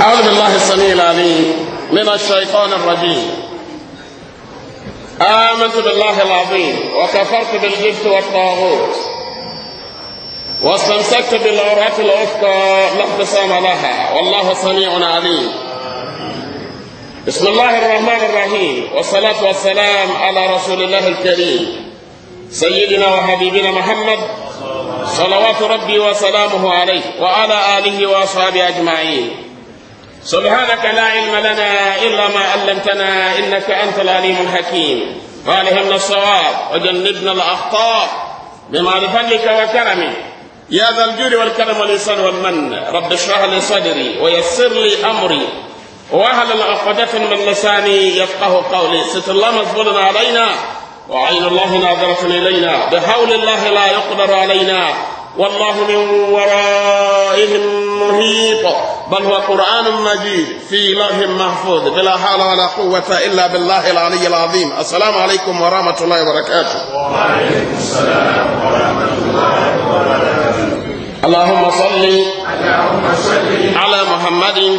أعوذ بالله السميع العليم من الشيطان الرجيم آمنت بالله العظيم وكفرت بالجبت والطاغوت واستمسكت بالعروة الأفقى لا اقتسام لها والله سميع عليم بسم الله الرحمن الرحيم والصلاة والسلام على رسول الله الكريم سيدنا وحبيبنا محمد صلوات ربي وسلامه عليه وعلى آله وأصحابه أجمعين سبحانك لا علم لنا إلا ما علمتنا إنك أنت العليم الحكيم وألهمنا الصواب وجنبنا الأخطاء بما بفضلك وكرمك يا ذا الجود والكرم والإحسان والمن رب اشرح لي صدري ويسر لي أمري وأهل العقدة من لساني يفقه قولي ست الله مزبول علينا وعين الله ناظرة إلينا بحول الله لا يقدر علينا والله من ورائهم محيط بل هو قرآن مجيد في لوح محفوظ بلا حول ولا قوة إلا بالله العلي العظيم السلام عليكم ورحمة الله وبركاته وعليكم السلام ورحمة الله وبركاته اللهم صل على محمد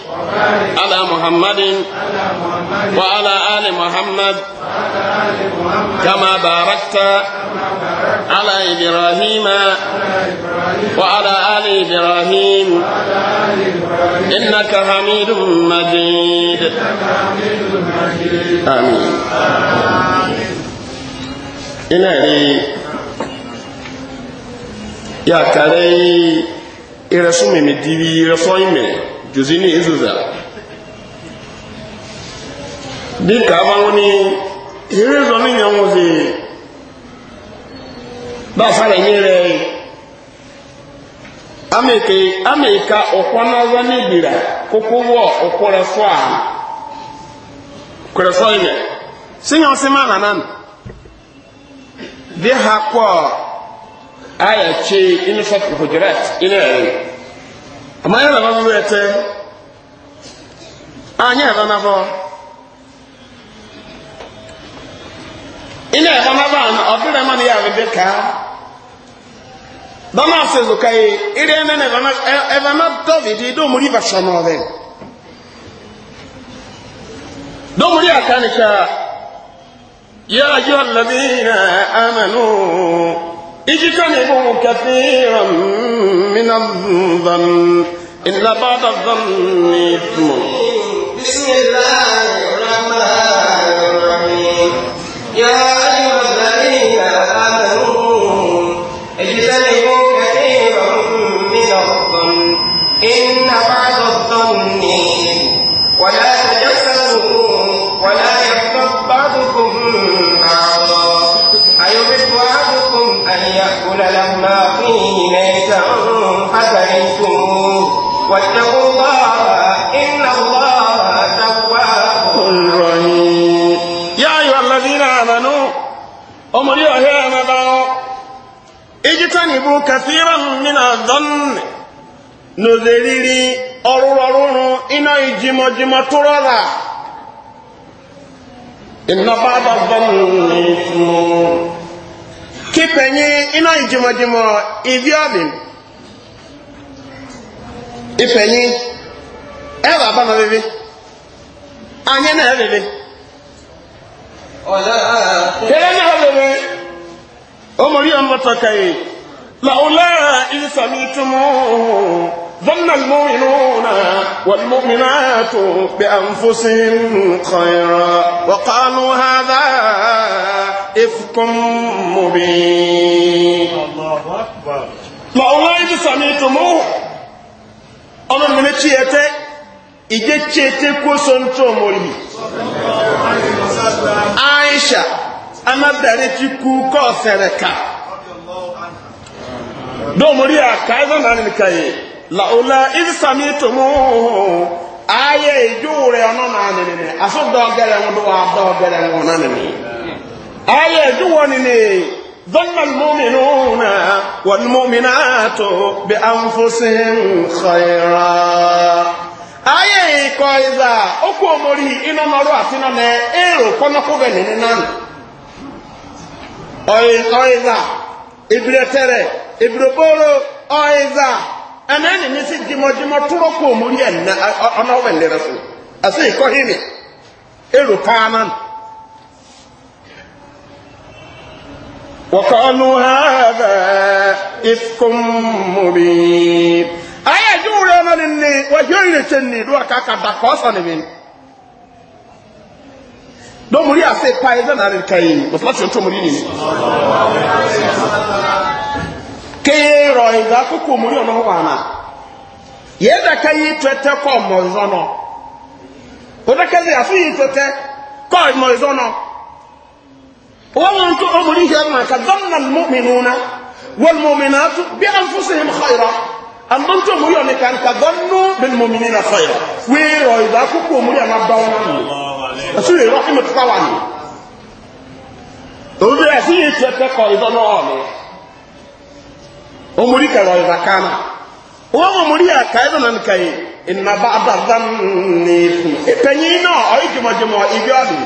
على محمد وعلى آل محمد كما باركت على إبراهيم وعلى آل إبراهيم إنك حميد مجيد آمين إلهي يا كريم إرسومي مديبي رسويمي juzi na izuza dịka agbanwe ni ihe ụzọ n'inya nwụzi gbasara enyere ameke ameka ọkwa n'ọzọ n'ibira kụkụ wọ ọkwụrụ fọ a kwere fọ ihe sinye na ma ha nan dị ha kwọ ayọchi ịnụsọ hujrat ịnụ ama yɛn na ba bɛ ɛtɛ a nyɛ ɛba na bɔ ina ɛba na bɔ a ma ne yɛ awi de bama ase zo ka ye iri ɛnɛ na ɛba na ɛba di do muri ba sɔ na do mori aka ni ka yɛ ayi ɔlɔdi na amanu. اجتنبوا كثيرا من الظن إلا بعد الظن إثم بسم الله الرحمن الرحيم يا أيها y ijitanibuka nriri ọrụrụ tla kepeye noijioji iodi ifenyi ɛwɔ aba ma bebe anya na ɛbebe tẹ́lẹ̀ ní ọ̀rọ̀ mi ọmọrí ọmọ tọ́ka yìí làwùlá ìsàmì túmọ̀ ظن المؤمنون والمؤمنات بأنفسهم خيرا وقالوا هذا إفك مبين الله أكبر لولا إذ سمعتموه ẹ̀tẹ́ ìjẹ́ tí ẹ̀tẹ́ kó sọ ń tó ọmọ yìí aisha anábẹ̀rẹ̀ ti kú kọ́ fẹ̀rẹ̀ ká dóòmùrí àká ẹ̀zọ́ náà nìkan yìí làúlá ìsàmì tòmú ayé ìjó rẹ̀ ọ̀nà náà nìyẹn àsọdọ̀ ọ̀gẹ̀rẹ̀ wọn ló wà á dọ̀ ọ̀gẹ̀rẹ̀ wọn náà nìyẹn ظن المؤمنون والمؤمنات بأنفسهم خيرا ayé ikọ̀ ìzà okú omori iná mọ́rọ́ àti iná nẹ èrò kọ́nọ́kọ́bẹ̀ nínú náà ọ̀ ìzà ìbìrẹ̀tẹ̀rẹ̀ ìbìrẹ̀bóró ọ̀ ìzà ẹnẹ́ni ní sí jimọ̀jimọ̀ túrọ́kù omori ẹ̀ ọ̀nà ọ̀bẹ̀ lẹ́rẹ̀ fún àti ikọ̀ hìmì èrò káà náà وقالوا هذا إفك مبين أي جورة من الني وجورة الني دوا كاكا دقوصا نبين دو مريا سي بايدا نارين كاين وصلت شنطو مريني كي روي ذاكو كو مريا نهوانا يدا كي تتكو كو مرزانا ودا كي يسوي تتكو كو مرزانا ومن أمره أنك ظن المؤمنون والمؤمنات بأنفسهم خيرا أن من تمر أنك أنك ظنوا بالمؤمنين خيرا ويرى إذا كنت أمر أن أبدأ رسول الله رحمة الله عنه تقول لي أسيني تتكى إذا نعاني أمري كرى إذا كان وأمري أكايدا أنك إن بعد ظني إبنينا أيكما جمع إبياني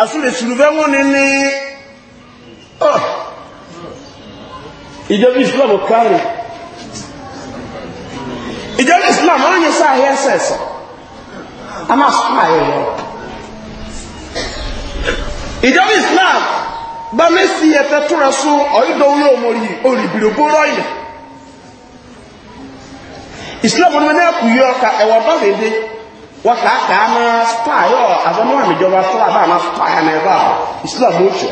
asúlè sùlùbẹ́ wọn ni oh ọ́ Islam islam kárì ìjọba islam onye sa sáà yẹ sẹ́sẹ̀ a na sọ islam bá mẹ́sì ẹ̀fẹ́ túnra sún ọ̀yídọ̀ orí omori ori bóró ilẹ̀ islam ní wọ́n ní ẹ̀kú yọ ọkà wọ́kàákà á máa spáyọ̀ àbọ̀mọ́ àmìjọba fún àbá àmà spáyà náà ẹ̀bá islam ó ṣe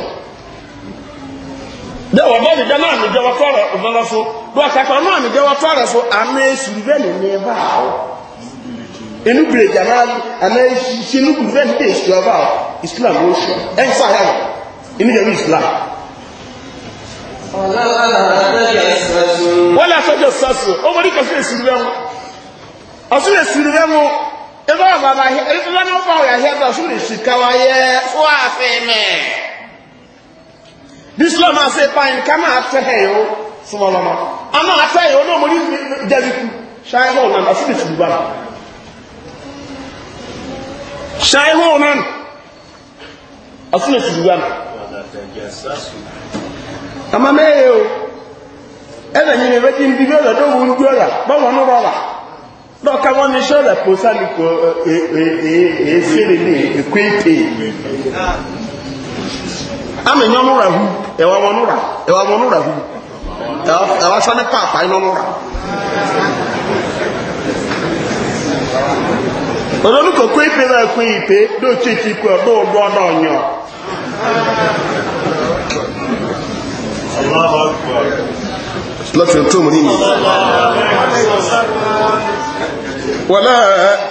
dẹ́ wọ́n bá nìjọ náà àmìjọba tọ́rọ̀ ọ̀dọ́lọ́ so wọ́kàákà náà àmìjọba tọ́rọ̀ so àmà èsùrùbẹ́nì ní ẹ̀bá ọ̀ inú gbèrèjà náà àmà èsùrùbẹ́nì inú gbèrèjà ní èsù ọba ọ̀ islam ó ṣe ẹ̀ ń fàyà wọ̀ inú jẹ̀rú islam. wọ́n lè sọ́jọ́ sọ́sọ́ ebe ọ baba ebe na ọba ọ yahia bá sórí ìsìkáwa yẹ fún àfẹmẹ bísílọ máa ṣe pa nǹkan máa tẹ ẹ yòó sọmọlọmọ a máa tẹ ẹ yòó náà mo ní jẹbi kú ṣáyé hàn náà sórí ìsìkáwa náà ṣáyé hàn náà ọsùn ìsìkáwa náà. àmàmẹ́ yẹ o ẹ lẹ́yìn rẹ̀ bẹ́ẹ̀ ti ń bí bẹ́ẹ̀ lọ́dọ̀ wo ń gbé ọ̀rà báwọn náà rọ̀ ọ̀rà. Donc avant les choses, la posa lui ha hu, ewa ewa hu, ewa sɔ ne paapa nyɔnu ipe ipe, ọdụ wàlá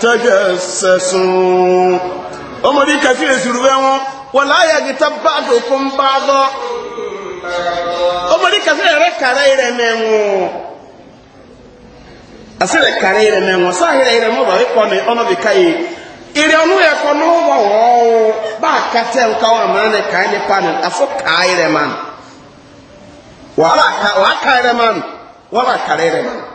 tajassasu ọmọdé kàfíyèsí rúbẹ́ wọn wàlá yàgìtà báàdù kún báàdọ́ ọmọdé kàfíyèsí rẹ kàrẹ́ rẹ mẹ́wọ̀n àsìrẹ̀ kàrẹ́ rẹ mẹ́wọ̀n sáhìrẹ̀ rẹ ọ̀nà bí káyé ìrẹ̀ ọ̀nù ẹ̀kọ́ ní bá a nǹkan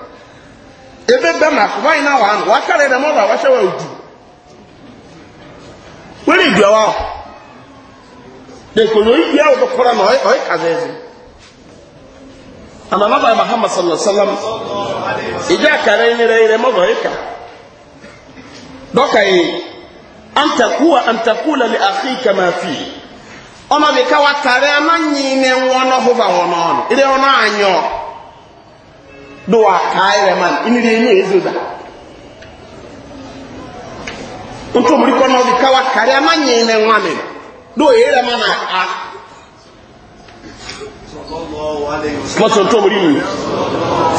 ebe bẹ e, ma fún wáyé náà wà nù wà kárẹ̀ rẹ̀ mọ́ra wá ṣẹ́wà òdù wẹ́rẹ̀ ìdù ẹwà ọ̀ dẹ̀kọ̀ ló ma ẹ̀ ọ̀dọ̀ kọ́ra náà ọ̀yẹ́ kàzẹ́ ẹ̀zẹ̀ àmà nàbà mahamma sallallahu sallam ìjẹ́ àkàrẹ̀ yín rẹ̀ rẹ̀ mọ́ra kà yìí kama fi ọmọ ní wọn náà anyọ. do wa kaayɛ rɛ man ini de yɛ ezo da ntomri kɔ na ɔdi kawa kari ama nyɛ ne nwa mi do yɛ rɛ man ah, ah. a a mɔtɔ ntomri mi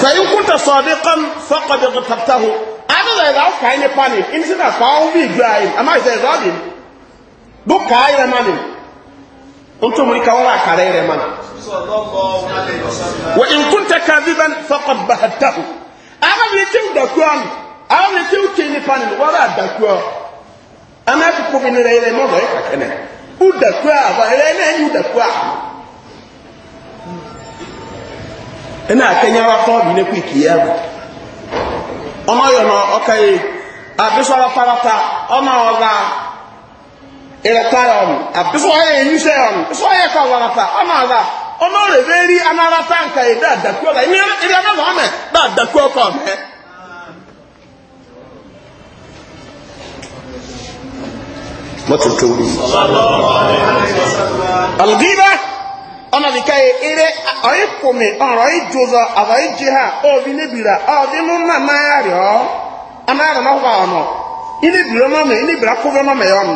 fɛyin kuta sɔɔde kan fɔkɔde kutata ho adi la yɛrɛ kaayɛ ne pa ne ini sɛ ka kɔ awo bi gba yi ama yɛ sɛ yɛrɛ ɔdi do kaayɛ rɛ man ne. انتم ركوا كارير من وان كنت كاذبا فقد بهته اغم يتو دكوان اغم يتو كيني فان ولا دكوا انا بكو بين ريله ما ضيق كان ودكوا ولا انا يدكوا انا كنيا وقو بين كيكيا اما يونا اوكي ابي صلاه فرطه اما ولا ìrẹ̀pára ọ̀nù àbísọ́yẹ ìníṣẹ́ ọ̀nù ìsọ́yẹ kọ̀ wàràtà ọ̀nà àgbà ọ̀nà òrèvérí anárata nkà yìí dá àdàkú ọ̀gá ìní ìrìn ọ̀nà ọ̀nà ọ̀mẹ dá àdàkú ọ̀kọ̀ ọ̀mẹ. mọ́tò tó wù. alùgíbà ọ̀nà nìka yìí eré ọ̀yí kùmí ọ̀rọ̀ yìí jòzọ àbọ̀ yìí jì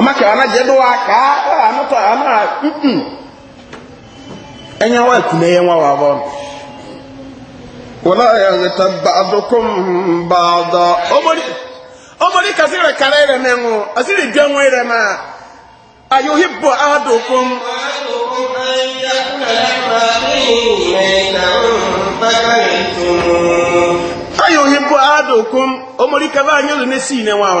amaka anagyedo aka anotɔ ana a ɛnya wa akuna yɛn wa wa bɔ wala yɛzɛta baadukum baada ɔmɔdi ɔmɔdi kasi rɛ kala yɛrɛ mɛ ŋo asi rɛ dwa ŋo yɛrɛ ma ayohi bɔ adukum. ayohi bɔ adukum ɔmɔdi kaba anyɔlu ne ne wa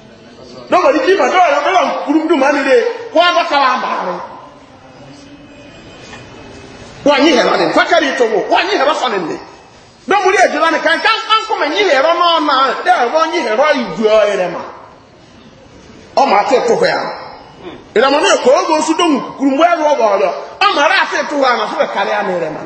nobody keep a door and everyone group do money day. Why not our man? Why you have an Why you have a son in me? Nobody at Joanna can come and you have a man. There are one you have you do. Oh, my tip to hmm. where? Ìlà mọ̀ náà kò ó gbó sódò kùrùmọ́ ẹ̀rọ ọgbà ọ̀dọ̀. Ọmọ ará àti ètò wa àmà fún ẹ̀kárí àmì rẹ̀ mọ̀.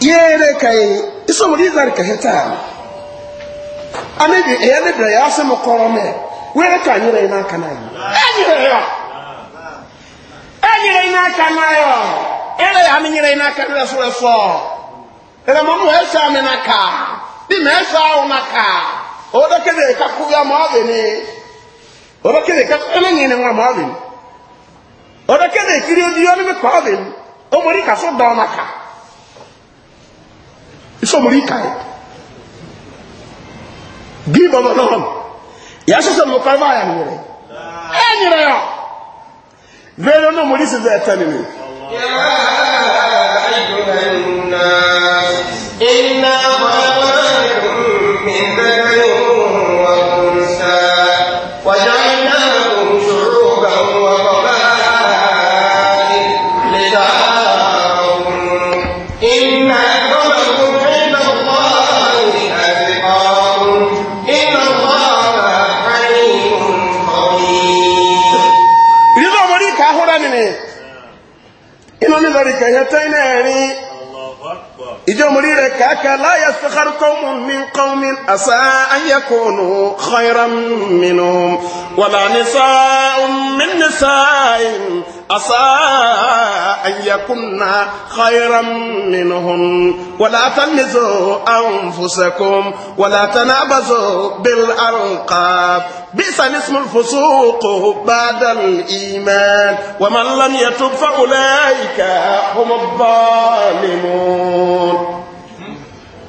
yere kai isomo di zari kaheta ane bi e ane bi ya se mo koro me were ka nyere na e e aka na yi anyere yo anyere na aka na ya e me na aka na so le so ele mo mo esa me bi na ka o do ka ya ma be ni o ka ele ni ne o kiri isomori kae bi baba non ya so so mo karba ya ngere e nyere ya velo no mori se zeta ni 给他摘了。كاكا لا يسخر قوم من قوم أساء أن يكونوا خيرا منهم ولا نساء من نساء أساء أن يكن خيرا منهم ولا تلمزوا أنفسكم ولا تنابزوا بالألقاب بئس الاسم الفسوق بعد الإيمان ومن لم يتب فأولئك هم الظالمون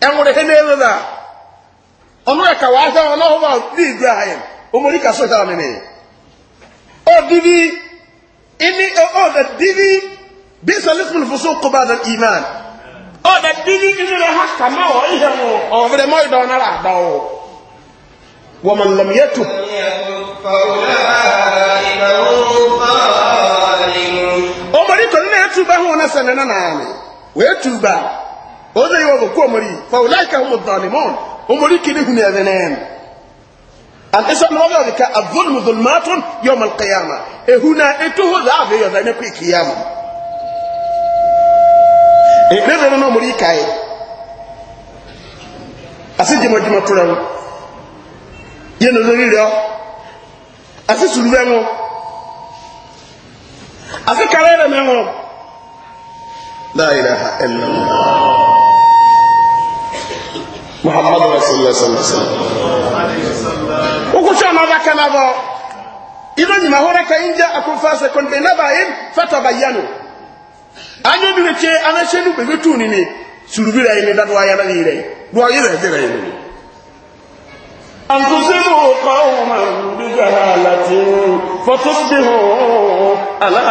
enwere ihe na-ewebe a ọnụra ka wa ahịa ọnụ ọhụrụ n'igwe ahịa omori ka soja ọmịmị odidi ini odidi bisalismin fuso kuba na iman O da dibi ini na ha kama ọ ihe ọ ọvere mọ ịdọ nara ada ọ wọman lam yetu omori kọ nne etuba hụ na sanana na amị wee tuba oze yiwa boku omori fa ulaika humu dhalimun omori kini huni adhenen an isa no wa ka adhulm dhulmatun yawm alqiyama e huna etuhu dhabe yo dhane ku kiyama e nebe no omori kai asije mo jima turawo ye no lori ro asi suruwe ngo asi karere mengo la ilaha illallah muhammadu rasulillah sallallahu alaihi wasallam ukushana baka nabo idan ni mahore ka inja akun fase kon be nabayin fatabayanu anyo bi weche anashenu be betu ni ni surubira ile dadwa yana ni ile dwa ile dira ile an tusibu qauman bi jahalatin fatusbihu ala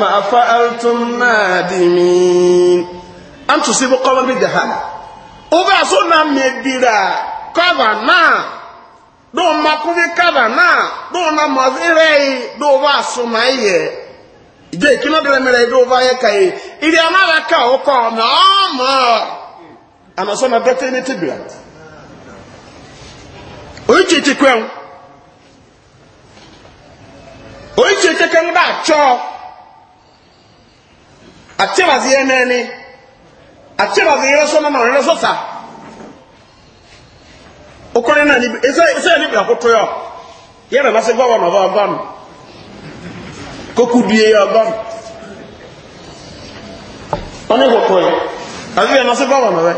ma fa'altum nadimin an tusibu qauman bi jahalatin ụba so na mebira kava na do makubi kava na do na mazire do ba so na ihe ije kino dere mere do ba ye kai iri amara ka uko na ama ama so na bete ni tibira oiche ti kwen oiche kwen da cho akyerɛ ɔdze yerɛ so ma ma ɔrɛ so sa okɔre na nibi ɛsɛ ɛsɛ nibi akoto yɛ yɛrɛ na se gɔbɔ na ɔbɔ ɔbɔ no koku due yɛ ɔbɔ no ɔne koto yɛ adi yɛ na se gɔbɔ na ɔbɛ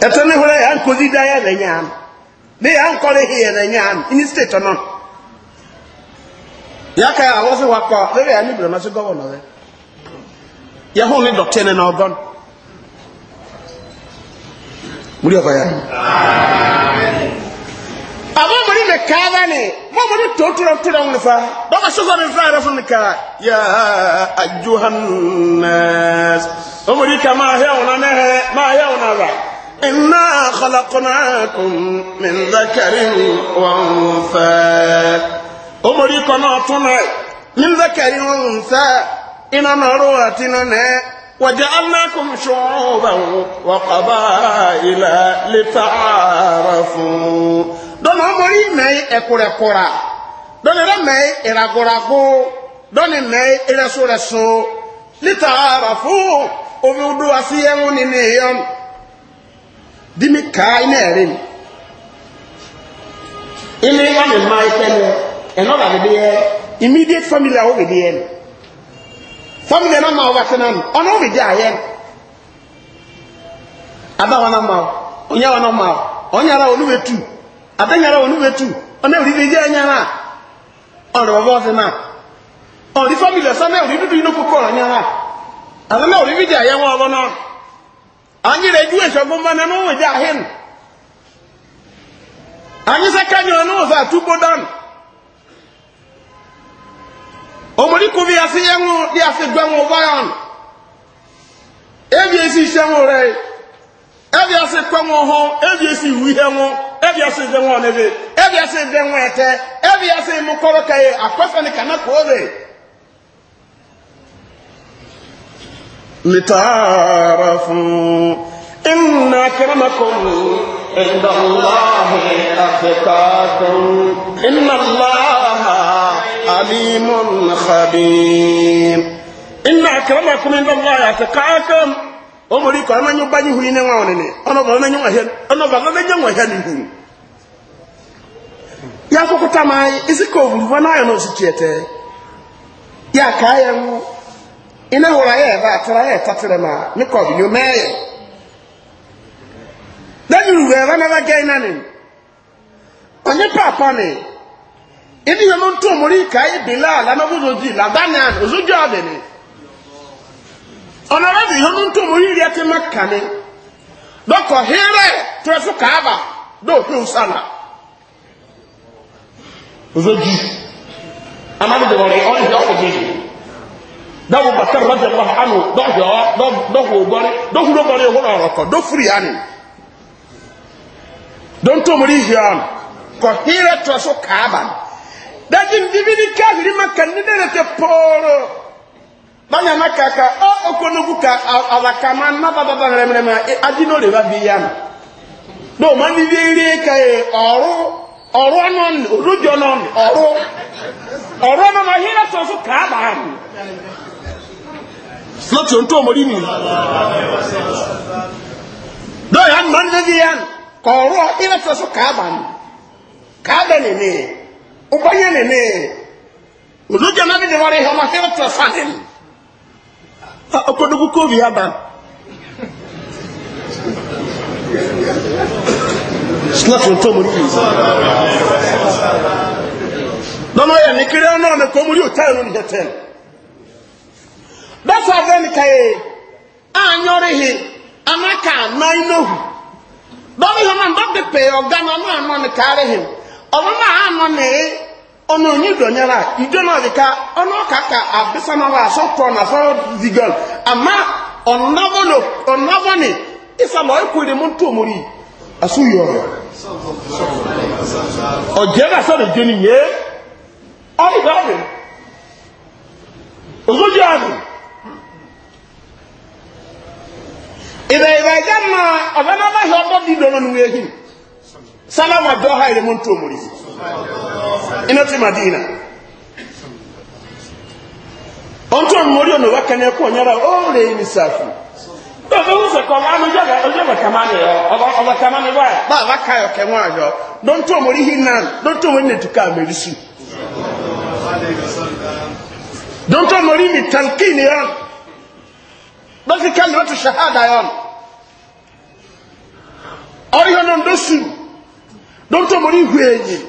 ɛtɛ ne ho yɛ yɛ ankɔ di da yɛ na nya ano ne yɛ ankɔ ne hi yɛ na nya ano ini state ɔno yaka ah. Ah, ya wɔsi wakɔ lere ya ni biro na se gɔvɔnɔ rɛ yahu ni dɔkita ne na ɔdɔn muri ɔkɔ ya àwọn ọmọdé lè ká ni wọn ọmọdé tó tóra tóra wọn fa bàbá sọgbọn ní fúlàyà fún mi ká yà àjùhánà ọmọdé ká máa hẹ ọ̀nà nẹ́hẹ máa hẹ ọ̀nà rà iná àkọlọkọ náà kùn mí ń dákàrí wọn fẹ́ẹ́. omori kɔnɔ ɔtunɛ minzakari wọn nsa ina nɔrɔ ati nane wàjà anákùn ṣùgbọ́n wàkàbà ilà litaara fún. dɔnni omori mɛ ɛkúrɛkúra dɔnni rɛ mɛ iragorago dɔnni mɛ irɛsorɛso litaara fún omi asi yɛn wọn ni ne yɛn dimi kaa ina yɛrɛ ni. ni ɛnɔ la de immediate family awo de yɛ family ɛnɔ ma wo ba tena no ɔno wo de gye ayɛ ada wɔn ama wo onyɛ wɔn ama wo ɔnyara wɔn bɛ tu adanyara wɔn bɛ tu di family yi no koko ɔnyara ɛsɛ na ɛwuri bi de ayɛ wɔn ɔbɔ no anyere edu ehyɛ gbɔmba na ɛno wo de omori kubi ase enwe ŋu di ase gbɛ ya vayɔn ebi esi hyɛ ŋu rɛ ebi ase kpɛ ŋu hɔ ebi esi wi hɛ ŋu ebi e ase dɛ ŋu ɔnɛbi ebi ase dɛ ŋu ɛtɛ ebi e ase mu kɔrɔ ka akɔfɛ ni kana kɔɔ rɛ. لتعرفوا إن أكرمكم عند عليم خبير إن أكرمكم عند الله أتقاكم أمري كما يبني هنا وعنني أنا بغنا يوهن أنا بغنا يوهن ya kukuta mai isiko vuva nayo no sikiete ya kaya mu ina hora ye ba tara ye tatire ma ni ko bi nyume dani ruwe bana ba ebi yẹn ń tún mọ́rí ká ebèlà lánàbójòjì làbánà òzójú àbẹ̀mí ọ̀nà rẹ̀ yẹn ń tún mọ́rí rí ẹtí má kàní dọ́kọ̀ hẹ́rẹ́ tẹ̀sù káàbà dóòfin sànà òzójú amábìdìwọ̀rẹ̀ ọ̀nìyàn òzójú dáwọ̀ bàtà rẹ̀ wà hánú dọ́hùọ́ dọ́hùọ́ gbọ́rí dọ́hùọ́ gbọ́rí òhùn ọ̀rọ̀kọ̀ dọ́fúri àní dọ́ntún mọ́rí yẹn kọ̀ hẹ́rẹ́ tẹ̀sù káàbà daji ndibini kahiri maka nidelete pooro banya kaka o okonogu ka alakama na e, ka e ọrụ ọrụ non rujo non ọrụ ọrụ no ma hira to ka ba am slotu ya ya ọrụ hira to so ka ba am ka ya ubanye nene uzuja nani ni wale hama hewa tuwa fanen okodugu kubi haba sinasi nto nono ya nikiri ono ne ko muri otayo ni heten dafa ven kaye anyori hi anaka pe ne kaare anɔ ne ọnụ onye donyere ido na ọdịka ọnụ ọka ka abisanara asọtọ na sọ zigal ama ọnavọnọ ọnavọnị ịsalọ ikwere mụ ntụ omori asụghị ọrụ ọjẹ na sọrọ ìjẹ ni yé ọrịa ọrịa ịba àdù ìbẹ̀ ìbẹ̀ ìjẹ́ na ọ̀bẹ́nàbáhì ọdọ́ dídọ̀ nínú ehi sálámà dọ́ha ìrẹ̀mú ntụ omori yìí ina madina ọ̀ntọ́ mọ́rí ọ̀nà wá kẹ́ni ẹkọ́ ọ̀nyára ó lè ní sàfù dọ́kẹ́ wọ́n sẹ̀kọ́ ọ̀nà o kàmánì ọba kàmánì wáyà bá àbá káyọ̀ kẹwọ́n àjọ dọ́ntọ́ mọ́rí hinan dọ́ntọ́ mọ́rí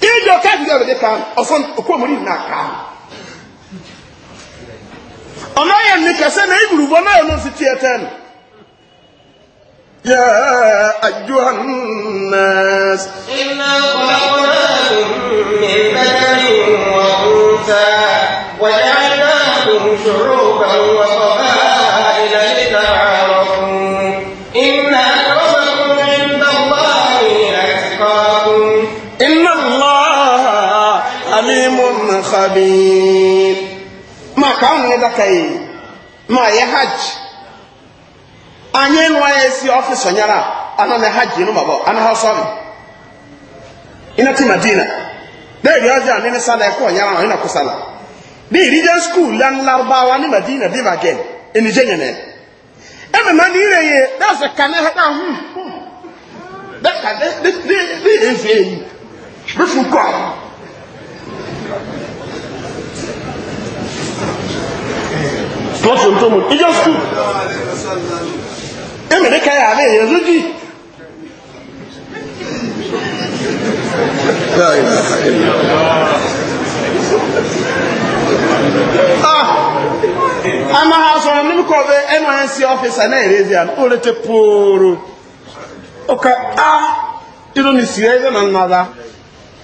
ìjọ káàkiri ọ̀rẹ́dẹ́ kan ọ̀sán òkú òmùrí nà ká ọ̀nà yẹn ní kẹsẹ́ ní ìgbùrùgbọ́ náà ló sì tiẹ̀ tẹ́ nù. يا أيها الناس إنا خلقناكم من ذكر وأنثى وجعلناكم شعوبا وقبائل ɛda ka yi ma yɛ hajj anyɛ no ayɛ si ɔfisa nyara ana na hajj no ma bɔ ana ha sɔre ina ti madina dɛɛ bi ɔdi ani ne sala ɛkɔ nyara na ɔyina ko sala de religion school lan larubawa ne madina de ba gɛn enigye nyinɛ ɛmɛ ma ni yire yie dɛ sɛ kane ha na hu dɛ ka de de de de efe yi bɛ fu kɔ. lọ́sùn tó mú ìjọ skú ẹmẹ̀rẹ́ káyà àmì èèyàn lójí a I'm I'm a a máa sọ̀rọ̀ nínú kọ̀ọ̀bẹ̀ nysc ọ́fíìsà náà èrèzí à ó rẹ̀ tẹ́ pòòrò ọkà á ìrọ̀nì sírí ẹ̀zẹ̀ nà nàdà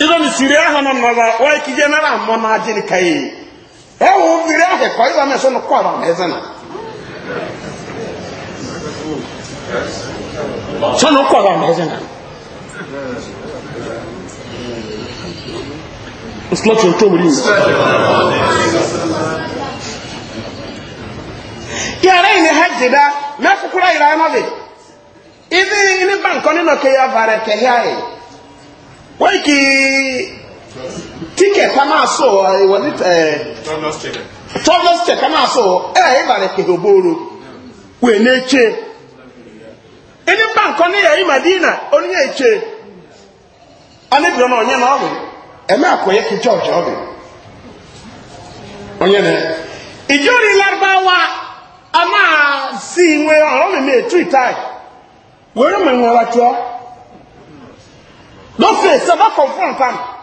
ìrọ̀nì sírí ẹ̀hàn nà nàdà wáyé kí jẹ́ náírà mọ́ náà jẹ́ nìkàyè ɛwɔ biri ahɛ kɔ ɛza mɛ sɛ no kɔ ara mɛ ɛzɛ na sɛ no kɔ ara mɛ ɛzɛ na nsọlọtì ọtọ wòlíì mi. yàrá yìí ni hajj dá mẹ́kúkúrá yìí ráyé náà bì ibi ní bànkọ́ nínú kéya varẹ̀ kẹ́hẹ́ ayé wọ́n kì tiket ama aso hɔ wɔn ɛɛ tɔnus check ama aso hɔ de kehe na ɔbɛ ɛmɛ akɔyɛ ke george ɔbɛ ɔnyɛ na larubawa a máa sí ìwé ọ̀rọ̀ mi ní ètú ìtaì wọ́n yóò mọ̀ ìwọ̀n wa tiọ́ lọ́fẹ̀ẹ́ sábà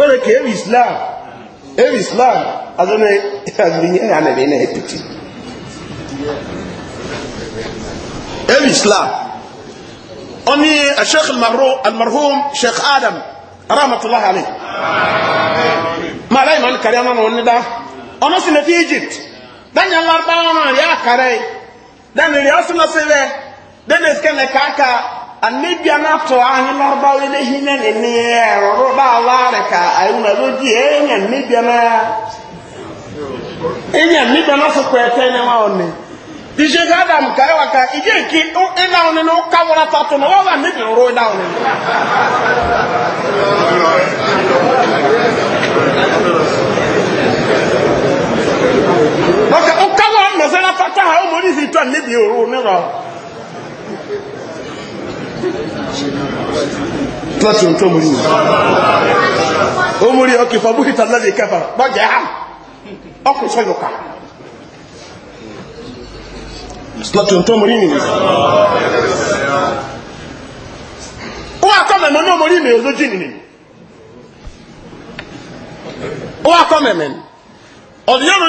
wọ́n kì í islam ewu islam azọ́nà ìyẹn ní àmì ní ẹ̀pìtì ewu islam ọni sheikh almarhum sheikh adam rahmatulah ali màlá ìmọ̀ nìkàrí ọmọ wọn nídá ọmọ sí ní egypt dáná ńlá bá wọn rí àkàrẹ́ dáná rí ọsùn lọ sí rẹ dáná ìsikẹ́ nìkàkà anabia n'atọ ahịla ọba ihe na nene rụrụ ba awaarị ka anyị nwere oji enya mmebia na enya eh, mmebia na sọkwa eh, ete na nwa ọnụ ije ga adam e ka anyị waka ije nke ịna ọnụ na ụka wụrụ atọ na ọwa mmebi rụrụ ịna ọnụ Ọka ụka wụrụ mmezere atọ ha ụmụ ndị si tụọ mmebi rụrụ n'ụlọ. láti ohun tó mú yìí ó mú rí ọkì fún abúkítà lẹ́lẹ̀ kẹfà bọ́jẹ̀ á ọkùn sọ́yọ̀ká láti ohun tó mú yìí wọ́n àkọ́mẹ̀mẹ́ náà mú rí mi olójú nìyí wọ́n àkọ́mẹ̀mẹ́ ọ̀dìyàn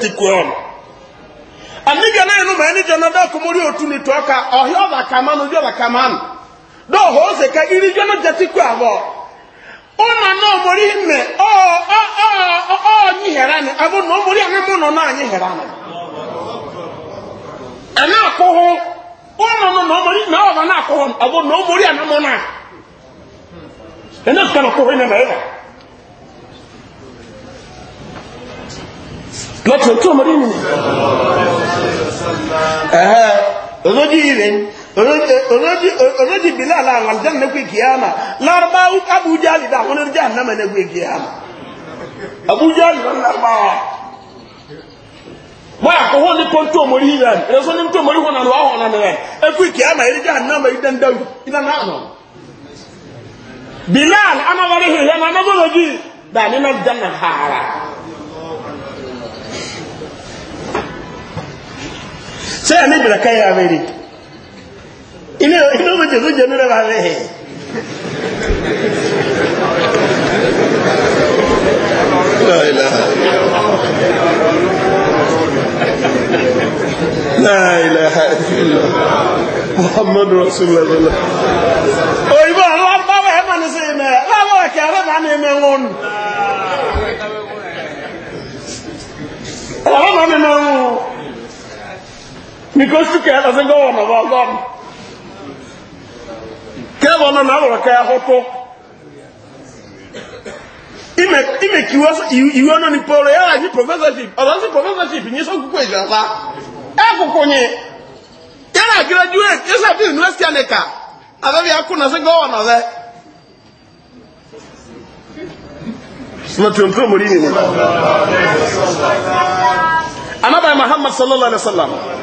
ìrìnjú anibia náà inú mẹ́rin jẹ́nà dẹ́ kòmórí òtún ni tọ́ ka ọ̀hí ọ̀dà kàmánu ọ̀dà kàmánu dọ́ ọ̀hó ṣe ká irí jẹ́nà jẹ́tí kú àbọ̀ ọ̀nà náà mórí mẹ́ ọ̀ ọ̀ ọ̀ nyi hẹ̀rẹ́ ni abọ́ náà mórí láti ọ̀tọ́ ọmọdé a na olójì Kiyama olójì bílá na alìjẹ́n nẹ́kù ìkìyàmà lárúbá abújá àlìdá àwọn oníjẹ́ ànámà nẹ́kù ìkìyàmà abújá àlìdá lárúbá wọ́n àkọ́wọ́ ní pọ́ntó ọmọdé Kiyama rẹ̀ ẹ̀rọ́sọ́ ní pọ́ntó ọmọdé na sẹ́yà ní ìbìrẹ̀kẹ́ yà rere inú méjì tó jẹ́ nílẹ̀ rẹ̀ rẹ̀ láìláà muhammadu rasulullah òyìnbó àwọn abáwọ̀ ẹ̀mọ́ ní sí ilẹ̀ láwọn ẹ̀kẹ́ because kɛ ɛsɛ nkɛ wɔn nɔfɔ ɔgɔm kɛ wɔn nɔ na wɔrɔ kɛ ahoto ime ime kiwa iwe nɔ ni pɔrɔ yɛ ayi professorship ɔlɔn si professorship nyi sɔ kuku ɛdza fa ɛkuku nyi yɛrɛ graduate yɛsɛ bi university anika abɛbi ako na se nkɛ wɔn nɔfɛ. sinatun tó mo rí nìyẹn. anabai muhammad sallallahu alaihi wa sallam.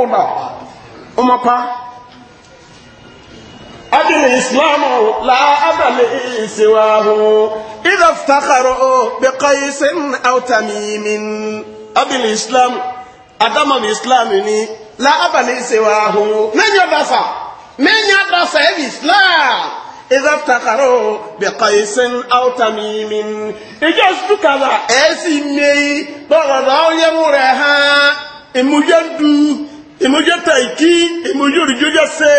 ọ̀nà ọmọpa adìní ìsìláàmù láàbàlẹ̀ ìsìwáhù ìdọ̀fàkàrọ̀ bẹ̀kọ́ ìsìn àwùtàmìmì adìní ìsìláàmù adámọ̀mì ìsìláàmù ni láàbàlẹ̀ ìsìwáhù mẹ́nyà dàsà mẹ́nyà dàsà ẹ̀bì ìsìláàmù ìdọ̀fàkàrọ̀ bẹ̀kọ́ ìsìn àwùtàmìmì ìjọ sùkàlà ẹ̀ẹ́sì mẹ́yì bọ́ọ̀rọ̀ ọ̀yẹ́mú rẹ̀ hàn ìmúyẹ́ndù ìmójẹ́ tàìkí ìmójẹ́ òrìjójẹ́ se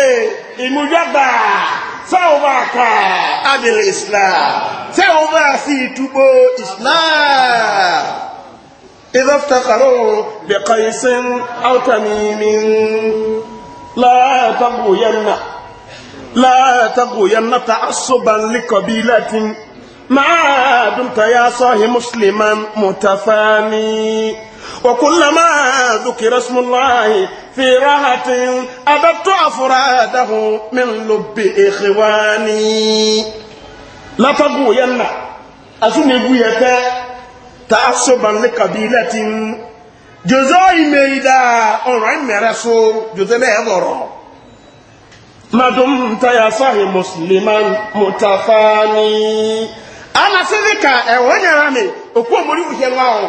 ìmójẹ́ bà sáwọn bá kà ábìlì islam sáwọn bá sí ìtúbọ̀ islam إذا افتخروا بقيس أو تميم لا تبغين لا تبغين تعصبا لقبيلة ما دمت يا صاحي مسلما متفاني وكلما ذكر اسم الله في راحة أدبت أفراده من لب إخواني لا تقوين أسنبو يتا تعصبا لقبيلة جزائي ميدا أرعم رسول جزائي أبرو ما دمت يا صاحي مسلما متفاني أنا سيدك أولا رامي أكون مريم هلاو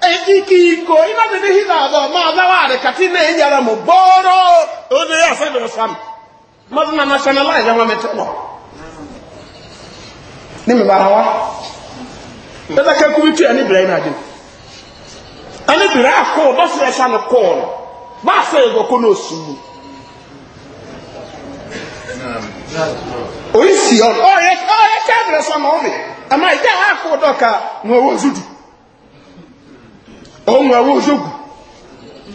ekikiko inazidi hizazo mazawari katine inyara muboro ode yasebe osam mazina nationalize wa metelo nimi barawa ndada ka kubitu ani bra ina adin ani bra akọ basi esa no ko no ba se go ko no su oisi on o ye o ye ka bra sama obi ama ida akọ doka no wozudu òun àwọn òṣogù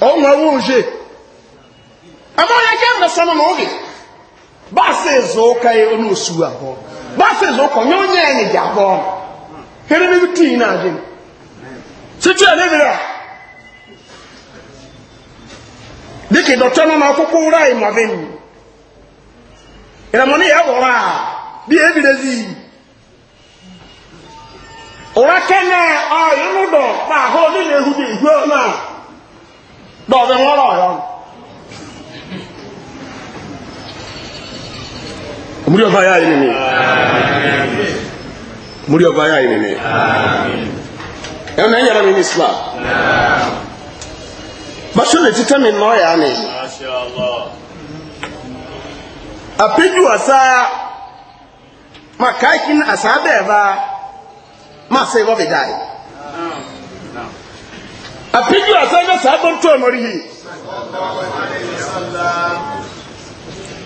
òun àwọn òṣè àmọ́ ọ̀yà jẹ́ ẹ̀rọ sọ́nà náà òbí bá a ṣe èzò ọkà ẹ̀rọ náà oṣù àbọ̀ bá a ṣe èzò ọkọ̀ yóò yẹ ẹ̀yìn ìjà bọ̀ eré níbi tì í náà dé títí dịka ịdọcha nọ n'akwụkwọ ụra ịmọvin ịramọ n'ihe ọhụrụ a dị ebirezi ụra kene ọyụnụ na ahụ ndị na-ehu dị ihu na dọbi nwụrụ ọyọ muri ọba ya muri ọba ya yiri ni ẹ na enyere islam bàtú na etite mi nọ maka ikin asa máa ṣe ìwọ́ bìdá yìí. àpéjú àtẹ́gbẹ́ sàbọ̀n tó ọmọ rí yìí.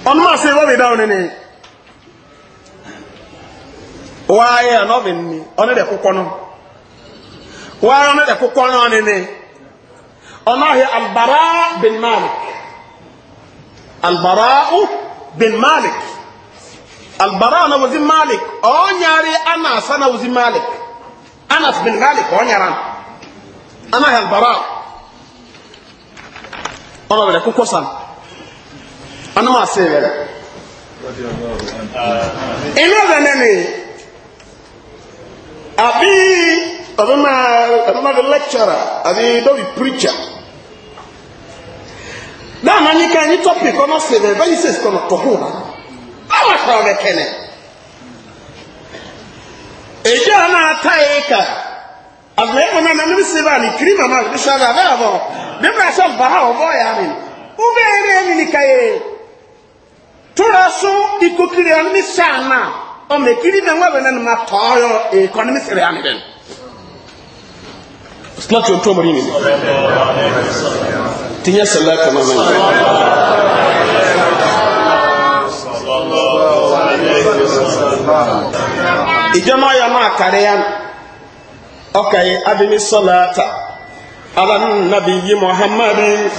ọ̀nà máa ṣe ìwọ́ bìdá òní ni. wáyé ànọ́bì ni ọ̀nà ìdẹ̀ kúkọ́ náà. wáyé ọ̀nà ìdẹ̀ kúkọ́ náà ni ni. ọ̀nà ìhẹ́ albara bin malik. albara bin malik. albara náà wọ́n ti malik. ọ̀nyàrí àná àṣà náà wọ́n ti malik anas bin malik wọn yàrá ana hel bara ọba bẹrẹ kókó san ọna máa se bẹrẹ inú ọbẹ nẹni àbí ọbẹ máa ọbẹ máa di lecturer àbí dọbi preacher dáhùn anyi ká anyi topic ọmọ se bẹrẹ bẹyì sèse kọ́nà tọ̀hún náà báwo ṣe ọbẹ kẹ́nẹ̀. èyí àná ata yìí kà àbúrò ẹ̀kọ́ náà nàní sí bá ní kiri màmá àti sọ àbẹ̀ àbọ̀ bíbí àṣọ bàá ọ̀bọ̀ yà mí wúbẹ̀ ẹ̀rẹ́ ẹ̀mí nìka yẹ tóra so a kiri ẹni mi sá àná ọmọ ekiri náà é bẹ̀ náà ma tọ́ ọ ẹ̀kọ́ ni mi sẹ̀rẹ̀ àmì dẹ̀ sílátì ọ̀tún ijama ya maa kariyan okay abimi salata ala nabiyi muhammadin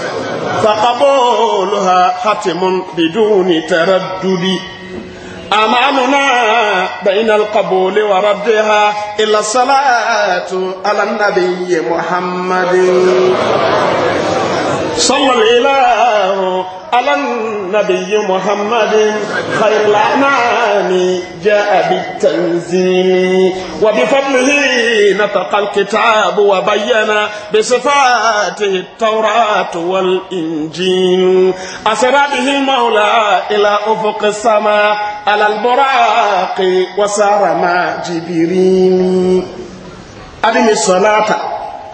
faqabuluha hatimun biduni taraddudi amanuna bain alqabuli wa rabbiha ila salatu ala nabiyi muhammadin sallallahu ala النبي محمد خير الأنعام جاء بالتنزيل وبفضله نطق الكتاب وبين بصفاته التوراة والإنجيل أسرى به المولى إلى أفق السماء على البراق وسار مع جبريل أدم الصلاة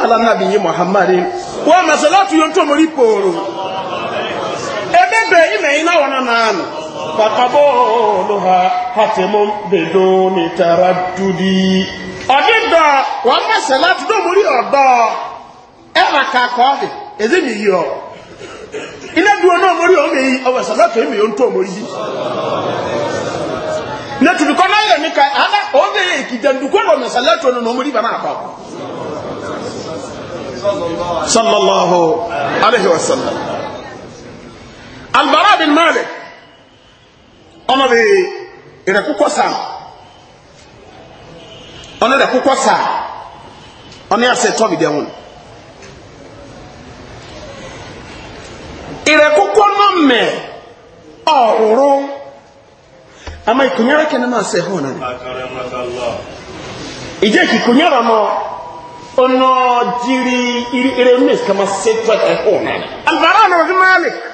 على النبي محمد وما صلاة ينتم ريبورو ebe ime ina na nanu fakaboluha hatimun biduni taraddudi ọdịdọ wọn mẹsẹ láti dọ mórí ọdọ ẹ e má ka kọ ọdẹ ẹdẹ ọ ilé dúró náà mórí ọmọ èyí ọwọ ẹsẹ ala sallallahu albara bin malik ɔno de ɛrɛkokɔ saa ɔno de kokɔ saa ɔno yɛ sɛ tɔbi deɛ ho ɛrɛkokɔ no mɛ ɔroro ama ikonyara kɛ ne ma sɛ hɔn nani ìjẹ́ kí ikonyara no ɔnɔ jiri ire ire nes kama sɛ tɔ ɛ hɔn nani albara no bin malik.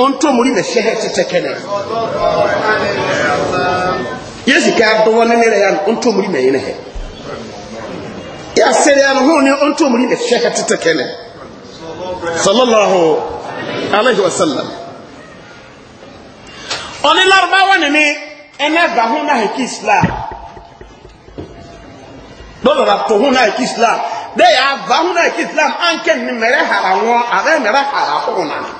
onto muri na shehe tetekene yesi ka do woni ne ya onto muri na yene he ya sere ya no ni onto muri na shehe tetekene sallallahu alaihi wasallam oni larba woni ni ene ba ho na heki islam dolo ra to ho na heki islam de ya ba ho na heki islam anken ni mere hara won abe mere hara ho na ni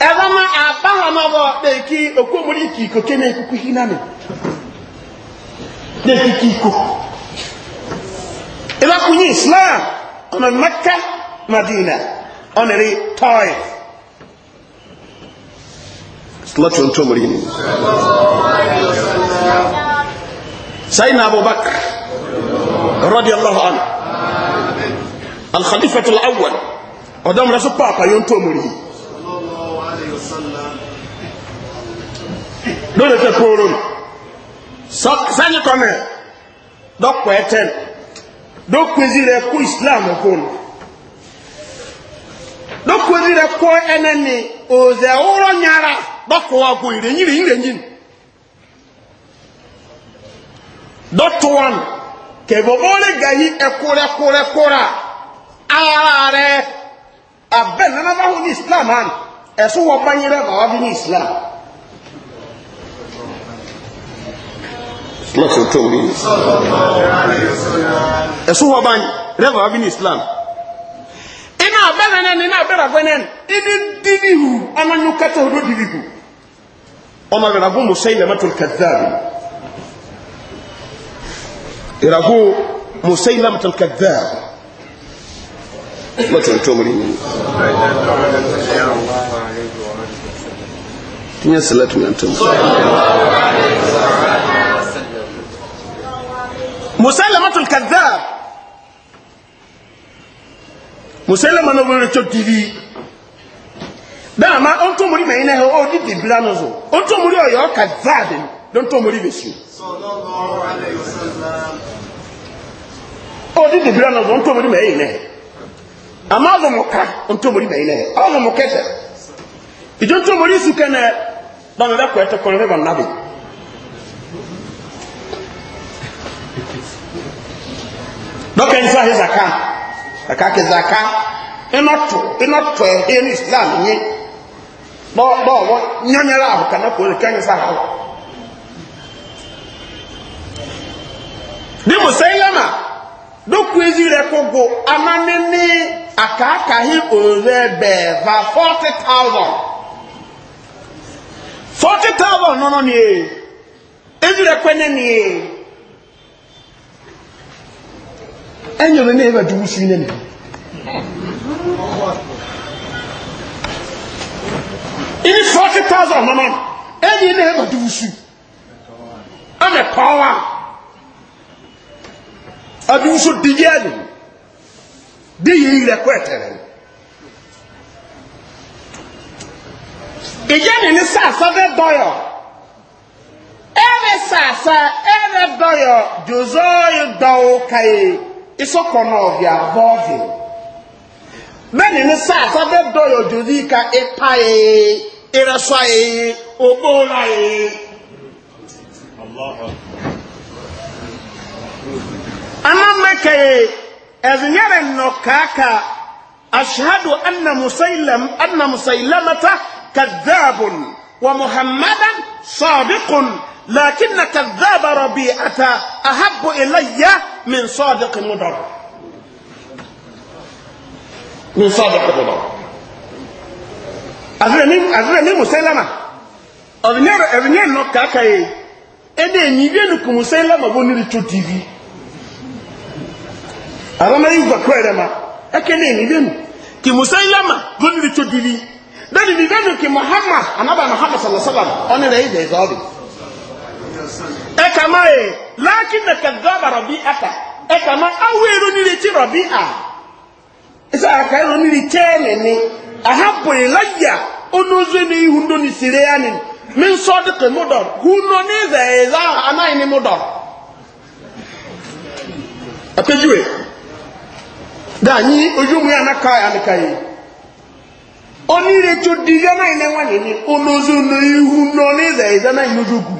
ɛwɔ ma abahama bɔ deki okomori kiko kene kuku hinami deki kiko ɛwɔ kunyi islam ɔnɔ maka madina ɔnɛri tɔɔye lọtọ ntomori ni sayi na abubakar rọdi allahu an alhalifatul awwal ọdọ mura so paapa yontomori yi. dole sai koro so sanyi kome dokwa eten dokwa ezire ku islam kun dokwa ezire ku enemi oze ụrọ nyara dokwa ọkụ ire nyiri ire nyi dotuwan kebobole gayi ekure kure kura abe nana bahu ni islam an esu wọ banyere ma ọ dị ni islam lọ́kọ̀ tó wí ní ẹ̀sùn wọ́n bá ń rẹ́bà bí ní islam iná àbẹ́rẹ̀ náà ní iná àbẹ́rẹ̀ àgbẹ́nẹ́ ìdí dídì hù anáyún kẹta odó dídì hù ọmọ ìràgó musa ilẹ̀ mẹ́tò kẹzàbì ìràgó musalamatul kadhab musalama na wuri to tv dama on to muri mai na o di di blano zo on to muri o yo kadhab don to muri besu sallallahu alaihi wasallam o di di blano zo on to muri mai na ama zo moka on to muri o zo mokese ijo to muri su kana ba me da ko eto ko re ba dɔkɛ n sɔ zaka zaka zaka islam nye bɔn kana ko kɛ n sɔ aho ni musa yi lana dokuezi rɛ kogo va forty thousand forty thousand nɔnɔ ni ye ezi ẹ̀yìn omi mẹ́rin dúró sí nínú ini forty thousand mọ́nà ẹ̀yìn mẹ́rin dúró sí ẹ̀mẹ̀ pọ́wà adúró sí dìyẹ ẹ̀yìn dìyẹ rẹ̀ kọ́ ẹ̀tẹ̀rẹ̀ ìyá mi ní sàásà fẹ́ dọ́yọ̀ ẹ̀rẹ̀ sàásà ẹ̀rẹ̀ dọ́yọ̀ jòzó yóò dọ́wọ́ káyé isɔkɔ na ɔvia bɔɔvi mɛni ni saasa bɛ dɔ yɔ joli ka ipa ye irasua ye obola ye. anamɛkɛ ye ɛzinyɛrɛ nɔ kaaka ashadu anna kadabun wa muhammadan sadiqun. لكن كذاب ربيعة أحب إلي من صادق مضر من صادق مضر أذنى مسلمة أذنى أذنى نكاكاي أنا نيبيا نكو مسلمة بني تو تي في أراما يبقى كويرما أكني نيبيا كي مسلمة بني تو تي في دني نيبيا كي محمد أنا بقى محمد صلى الله عليه وسلم أنا رأيي ذي ẹka e, laki na nàkà gbọ́bà aka ẹka ẹka máa awọ èrò nílé tí rọ̀bí à ẹsẹ àkà èrò nílé tẹ́ẹ̀nì ni àhábòyè láyà onózó ní ihu ndó ní sèré yá ni mi nsọ́ dìkì mú dọ̀ húnọ ní ẹ̀zẹ̀ ẹ̀zá anáyìn ni di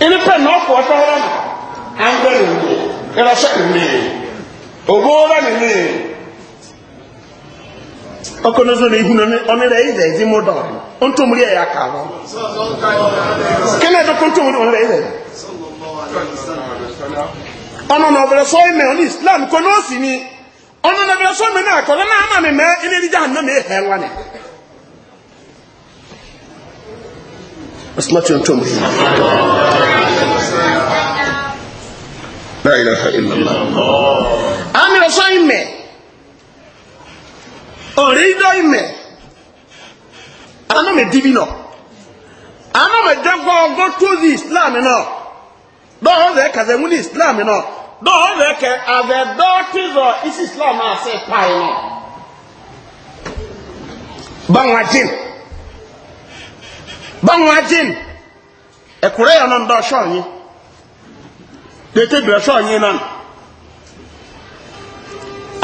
ini pɛ na ɔkɔ ɔtɔ hɔ no angbɛ ne mu ɛrɛsɛ ne mu oboora ne mu ɔkɔ ne so na ihu na ne ɔne dɛ ɛyɛ ɛdi mu dɔn ntomri ɛyɛ aka hɔ kɛnɛ ɛdɔkɔ ntomri ɔne dɛ ɛyɛ ɛdi ɔno na ɔbɛrɛ sɔ ɛmɛ ɔne islam kɔ n'osi ni ɔno na ɔbɛrɛ sɔ ɛmɛ na e akɔrɔ na ama mi mɛ ɛna ɛdi gya anam ɛyɛ hɛ wani. asalati ọ̀n tó mú yìí láìláha ìlànà àmì ọ̀sọ́ ìmẹ̀ ọ̀rẹ́ ìdọ́ ìmẹ̀ anọ́mẹ̀ dìbì nọ anọ́mẹ̀ dẹ́gbọ́ ọgọ́ tó di islam náà dọ́ọ̀ rẹ̀ kàzẹ̀ mú ní islam náà dọ́ọ̀ rẹ̀ kẹ àzẹ̀ dọ́ọ̀tìzọ̀ isi islam àṣẹ pàì náà báwọn jìn báwọn ajin ẹ̀kúrẹ́ ọ̀nà ńdọ́ ṣọ́ọ̀yìn tètè bẹ̀rẹ̀ ṣọ́ọ̀yìn náà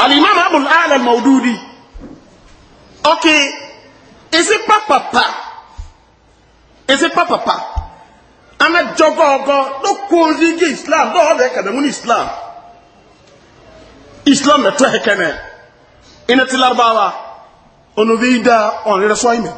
alimami abul ala maududi ọkì esi papapa esi papapa ama ló kó orígi islam lọ́wọ́ lẹ́ka lẹ́mú ní islam islam ẹ̀tọ́ ẹ̀kẹ́ náà ẹni tí larubawa ọ̀nà bí da sọ́ọ̀yìn mẹ́rin.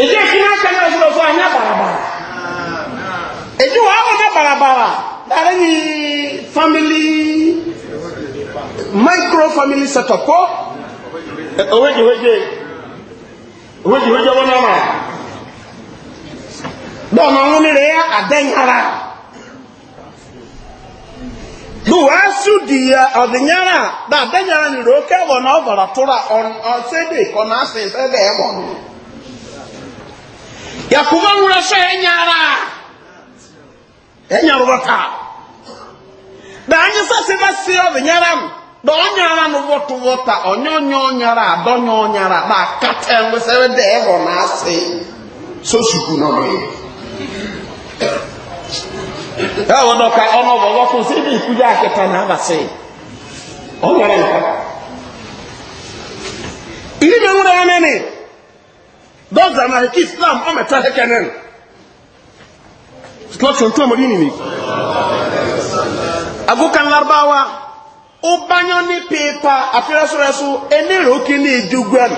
èdè ìkíni akẹ́ni ọ̀sọ̀rọ̀ fún àyà barabara èdè wà ahụ náà barabara dáadé family micro family setup kọ́ e, owéjìwéjì owéjìwéjì ọwọ́ náà máa dọ́ọ̀nà wọn ní adịnyara àdẹ́yìn ara duwasu di ya ọdịnyara na adịnyara nyere oke ọgbọ na ọgbara tụrụ ọsede ọ na asị ebe ya yakuba nwura so enyara enyara wata da anyi sase ba se o nyara m da onyara no woto wota onyonyo onyara adonyo onyara ba kata nwe na ase so suku ya wodo ka nene dọ́ọ̀dà náà kí islam ọmọta ẹkẹ nẹ́nu lọ́sùn tó mọ̀ nínú agokan larbawa ó báyọ́ ní pípa àfẹ́rẹ́sọ́rẹ́sọ́ enérò kí ní ìdúgbẹ́rù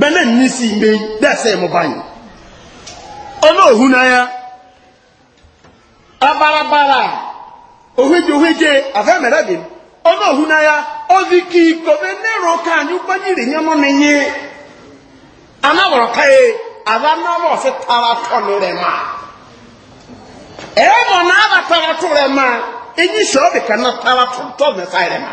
bẹ́ẹ̀ ní sí ime dẹ́sẹ̀ mọ̀ báyìí olóòhun náà ya abarabara òhèjì ya anáwọ̀rọ̀ káyé àbánáwọ̀ fi tara tọ́nu rẹ̀ ma ẹ̀rọ náà bá tara tó rẹ̀ ma ẹ̀yìn sọ̀rọ̀ bìkan náà tara tó ma.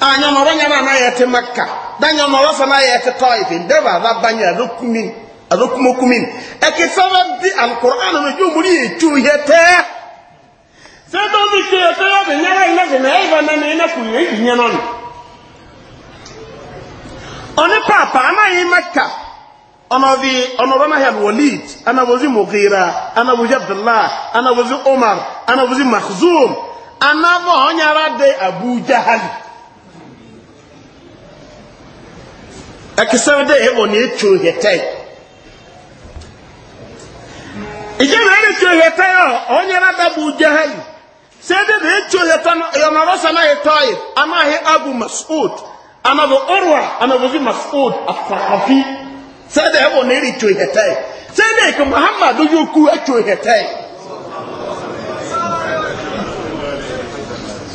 anyamɔrɔ nyama na yɛ te maka da nyamɔrɔ fana yɛ te tɔyifi ndeba ava banya adokumin adokumokumin ɛkisɛbɛ bi alukur'an na ju mu ni yɛ tu yɛ tɛ. sɛto bi tu yɛ tɛ bi nyɛrɛ yi na fi na yɛ ba na ne na kun yɛ yi nyɛ nɔni. ɔne paapa ana yi maka ɔnɔ bi na yɛ walid ana wozi mugira ana wozi abdullah ana wozi umar ana wozi makhzum ana bɔ ɔnyara de abu jahali. ɛkisɛm dɛ ɛwɔ ne etu hɛtɛn ìjẹ́ náà ɛna etu hɛtɛn a ɔnyɛra dabu jahali sɛdɛ na etu hɛtɛn yɔnɔrɔ sɛnɛ yɛtɔɔyi anahi abu masoud anabi urwa anabi masoud afahafi sɛdɛ ɛwɔ ne etu hɛtɛn sɛdɛ ɛkɛ muhammadu yoku etu hɛtɛn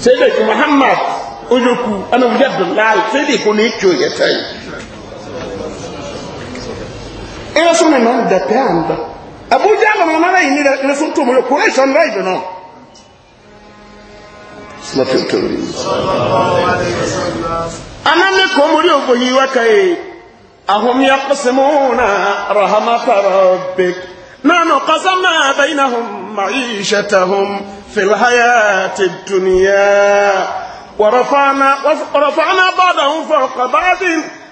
sɛdɛ ɛkɛ muhammadu yoku anabi abdullahi sɛdɛ ɛkɛ ne etu hɛtɛn. era so nana ndapɛ anda abuja alama nana yi ni dɛ ne so to mu yɛ kure sɔn ra yi bɛ nɔ. sinafin tori. anamne kɔmori ofo yi wa ka ye ahom ya kusimuna rahamata rabbi nanu kasama bainahum maishatahum fi lhayati dunya ورفعنا ورفعنا بعضهم فوق بعض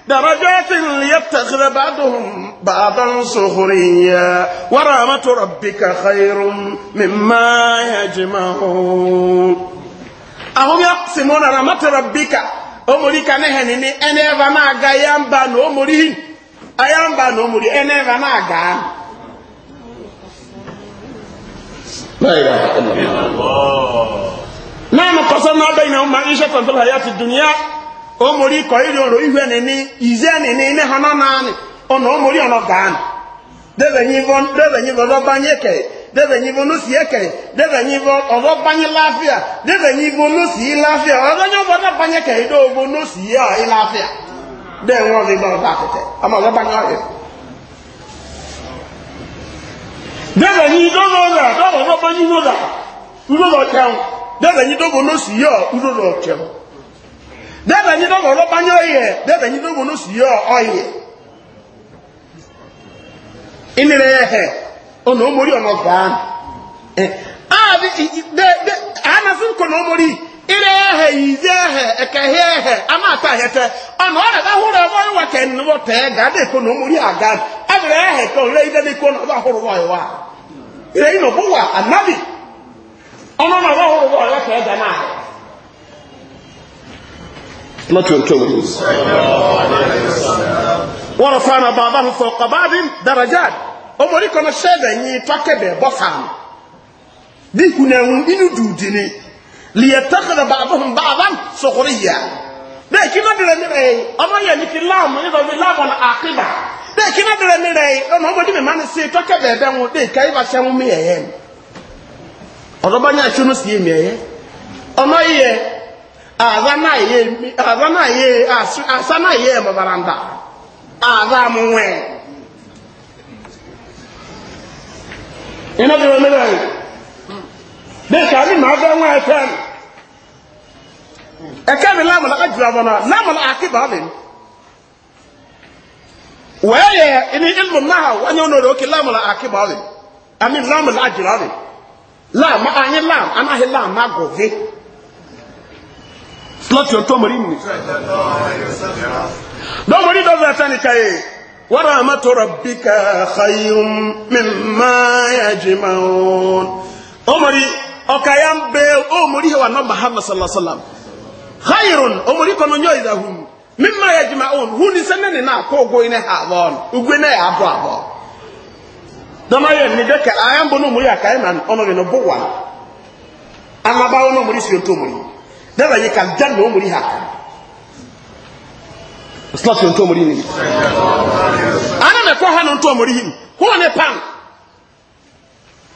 درجات ليتخذ بعضهم بعضا سخريا ورحمة ربك خير مما يجمعون أهم يقسمون رحمة ربك أمري كان هنيني أنا فما أجايم بان أمري أيام بان أمري أنا فما أجا لا إله إلا الله نعم قصرنا بينهم معيشة في الحياة الدنيا omori kọ iri ọrọ ihu ẹnini ize ẹnini ine ha nanaani ọna omori ọna gaani debenyi bọ debenyi bọ ọdọbanyi eke debenyi bọ nosi eke debenyi bọ ọdọbanyi laafia debenyi bọ nosi laafia ọdọbanyi bọ ọdọbanyi eke ido ogbo nosi ya ilaafia dẹ wọn bi bọ ọdọ ama ọdọbanyi ọyẹ. debenyi dọdọ ọdọ dọdọ ọdọbanyi dọdọ dọdọ ọtẹun debenyi dọbọ nosi ya dọdọ ọtẹun. dẹ́ẹ̀dẹ̀ yìí lọ́wọ́ lọ́bá ní ọ̀yẹ̀ dẹ́ẹ̀dẹ̀ yìí lọ́wọ́ ló sì yọ ọ̀yẹ̀ ìnìrẹ̀ ẹ̀hẹ̀ ọ̀nà omori ọ̀nà gbàánù ààbí dẹ́ẹ̀dẹ́ àánàfin kò ní omori ìrẹ̀ ẹ̀hẹ̀ ìdí ẹ̀hẹ̀ ẹ̀kẹ̀hẹ̀ ẹ̀hẹ̀ amáta ọ̀nà ọ̀rẹ̀ bá ورفعنا بعضهم فوق بعض درجات omori kono shebe nyi tokebe bofam bi kuna un inu dudini li yatakhadha ba'dhum ba'dhan sukhriya de kina dire ni re omo ye ni kilam ni do lam on aqiba de kina dire ni re ono bo di be won de kai ba asa na ihe mụbara nda, aza m nwee ịnọdụrụ mmiri anyị dịka anyị ma ọbịa nwa efe m ekemi lamụla ajụrụ abụ na lamụla akịba ọ dị m wee yẹ ịnị ịlụ nnaha onye onoro oke lamụla akịba ọ dị m amin lamụla ajụrụ ọ dị lam anyị lam anaghị lam agụvi láti your mọ̀rí mi dọ́mọ̀rí dọ́sọ̀ àtànìkà yìí wọ́n rà má tó rọ̀bí ká xayún mímá yàjì máa ń ọmọrí ọkà yà ń wa náà muhammad sallallahu alaihi omori sallam xayún ọmọrí oh, kọ́nà nyọ́ ìdáhùn mímá yàjì máa ń hu ní sẹ́ni nínú àkó ogo iná ha àbọ̀ ugwe náà yà abọ́ àbọ̀ dọ́mọ̀rí ní dẹ́kẹ̀ àyànbó náà ọmọrí àkàyè máa ń ọmọrí náà bó wà á má bá wọn náà ọmọrí sí ọtọ́ ọmọrí daba yi ka janna omuri ha slọtụ ntụ omuri nini ana na-ekwe ha na ntụ omuri him hụ ne pan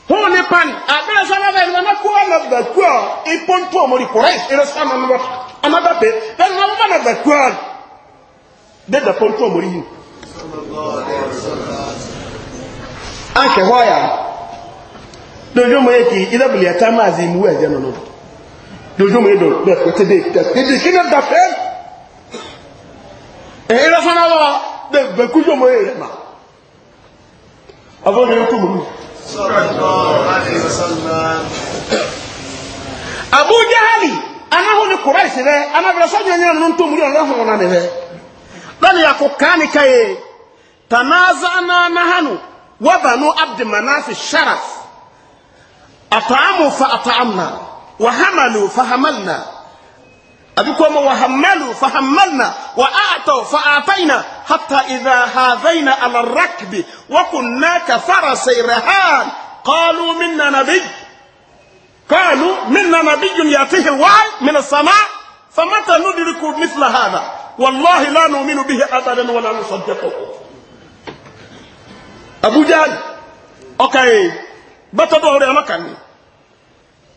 hụ ne pan abịa sama bụ na nakwuo na bakwuo ịpụ ntụ omuri kwụrụ ịrị sama na anabape na nnababa na bakwuo deda pụ ntụ omuri him anke hɔ ya dojo mo yɛ ki idabuli ɛta maazi mu ɛjɛ nono lójúmọ̀ èdò dẹ̀kùtẹ̀dẹ̀ dẹ̀kùtẹ̀dẹ̀ kí ní dàfẹ́ èyí lọ́sán náà wà dẹ̀kùjọmọ̀ èyí mà abọ́nà ẹ̀kú mọ̀ abújá hàlì anáhùn ní kùrẹ́ ìsìnrẹ́ anábìrẹ́ sọ́jọ́ ẹ̀yẹ́ nínú tó múrí ọ̀lọ́hùn ọ̀nà nìrẹ́ lọ́nà yàkó káàní káyé tanazana nahanu wabanu abdulmanafi sharaf ataamu fa ataamu naa وحملوا فحملنا أبكم وحملوا فحملنا وأعطوا فأعطينا حتى إذا هذين على الركب وكنا كفرس رهان قالوا منا نبي قالوا منا نبي يأتيه الوعي من السماء فمتى ندرك مثل هذا والله لا نؤمن به أبدا ولا نصدقه أبو جهل أوكي يا رأمكني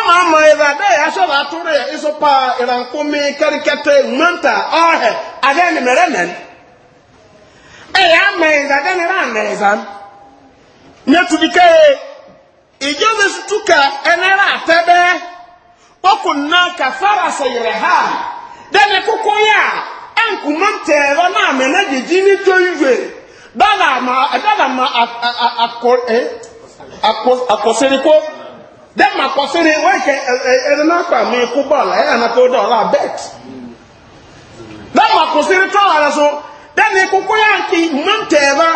ama ama ebe a dee asọrọ atụrụ ya ịsụpa ịrankumi karikete nwanta ọhịa ada emere nen ee ama ịza na nere ana ịza nyetụdike ijobe tuka enere atebe oku nna ka fara yere ha dene kuku ya enkumante ebe na amene jiji n'ito iwe dala ma dala ma akọ then ma kɔsiri wɛkɛ ɛdinakpa mi ku bɔl ɛyɛ anaka o dɔla bet then ma kɔsiri tɔla so then ikoko yanki mɔntɛɛba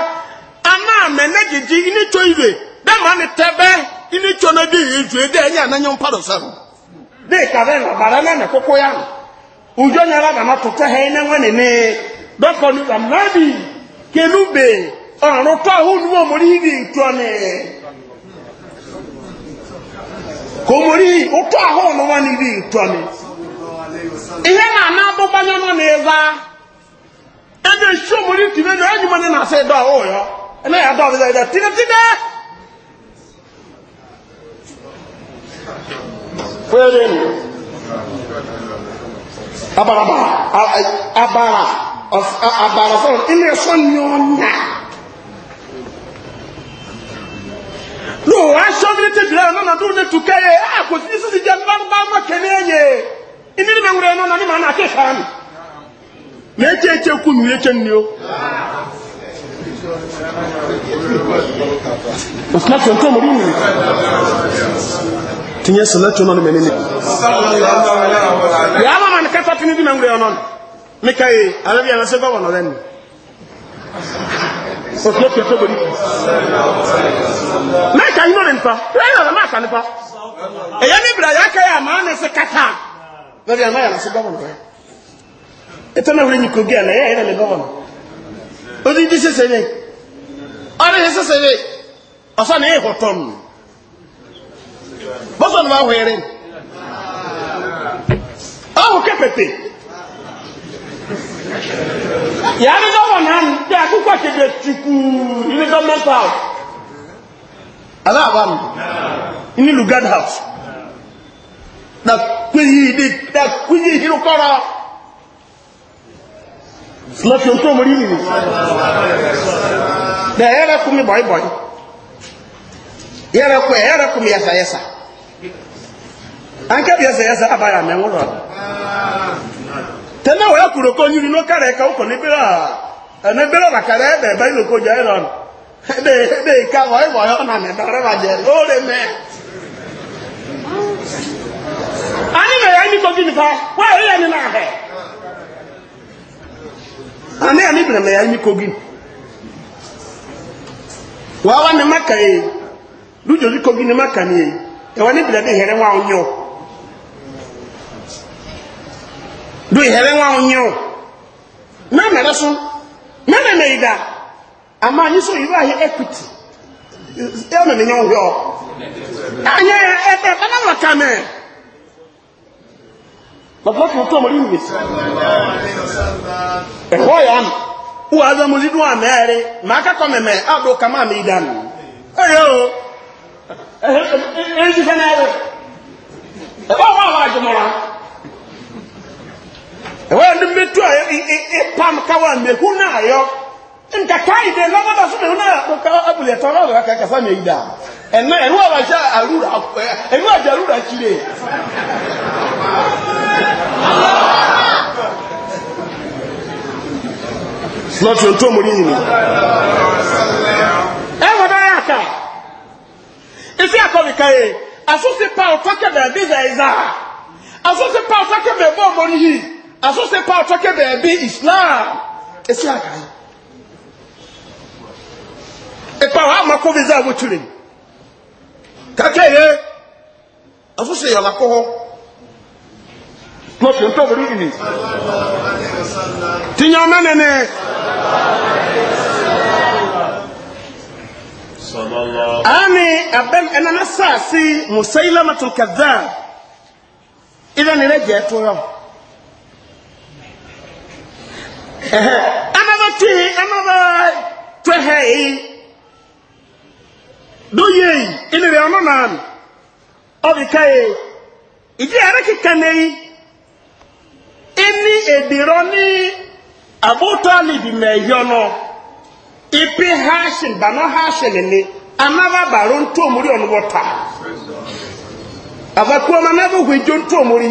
ana mɛ ne didi ini tso ibe then ma ni tɛbɛ ini tso ne bi idue de ɛyɛ ananyɔ npa do sɛm na ka mɛ be komori ụtọ ahụ ọnụma n'ibi ntọmi ihe na-ana adụgbanye nọ ebe esi omori tibe na enyi mmadụ na-asa ịdọ ahụ ụyọ ene ya ọbịa ịdọ tide tide abaraba abara abara sọrọ ịna-eso nyọọ nyaa no asɔmire te bila yɛ nɔnɔ duro ne tu kɛ ye a ko sisi jɛ nba ma kɛnɛ ye i ni ne bɛ wura yɛ nɔnɔ ne ma na a tɛ sara mi mɛ e tɛ e tɛ kunu ye tɛ nin ye o. o tila tɛ o tɛ mɔri wuli tiɲɛ sɛnɛ tɔ nɔnɔ mɛ ne ni. yàrá ma ni kata tini di mɛ wura yɛ nɔnɔ mi ka ye ale bi yàrá sɛbɛn wà nɔ dɛ nin òtí òtí òtí òbòrí mẹ́ta yìí lórí nípa lẹ́yìn ọ̀rọ̀ máa sànípa èyẹ ní ìbìlẹ̀ yà kẹ́yà máa ní sí kàtà lórí àmà yàrá sí gọ́vọ̀nù rẹ̀ ètò náà wúlé ní kogi ẹ̀ lẹ́yìn ẹ̀rẹ́ ní gọ́vọ̀nù ojú ìdí sẹ́sẹ́ ní ọ̀rẹ́ yìí sẹ́sẹ́ ní ọ̀sán yàrá ní dọ́wọ̀ náà ní pé akókò kéde tukù ní government house aláàbá mi ní lugard house na kúyì ìdí na kúyì ìdírò kọ́ra slọ́tì ohun tó mọ̀ rí na ẹ̀rẹ́ kú mi bọ̀yì bọ̀yì ẹ̀rẹ́ kú ẹ̀rẹ́ tena waya kuro ko nyiri no kare ka ko ni bira ne bira la kare be ba ni ko jai ron de de ka wa wa yo na me do re ba je o le me ani me ni ko gi ni fa wa ya ni na he ani ani bira me ni ko gi wa wa ni makai lu jo ni ko ni makani e wa ni bira de here onyo do ihere nwa onyo na mere so na na ida ama Anyị so yiba ahi equity e na ya am u aza mo ka ko meme ado kama me ida no ayo e e e e e e e e e ɛwɔyɛ ne mmetu a ɛpam e, e, e, kawa mehu no ayɔ nkakae de na baba so mehu no a abuli ɛtɔ na ɔbɛka kasa na ɛyi pa ɔtɔ kɛmɛ bi zɛ ɛza pa ɔtɔ kɛmɛ bɔ ɔmɔ asose pa atɔkɛ baabi islam esi akae ipa wa ama covid a wotiri kaka ye asose yɛ lakɔ hɔ lɔtɔ ntɔ wɛrɛ yi tinya ɔmɛ nene ani abem ɛnana saasi musailamatul kadhaa idan ne rɛ jɛ to Ehe. Anabatwi anabaatwehai. Dọnyeri, e nyere ya ọnụ naanị. Ọ bika ii, ịdị aro keka na ii. Emi ediro ni. Abotu anị dị na-eyi ọnụ. Ipe hashi banọ hashi na-eme. Anaba baaro ntu omuri ọlụwa taa. Abakwuo m anabuhweju ntu omuri.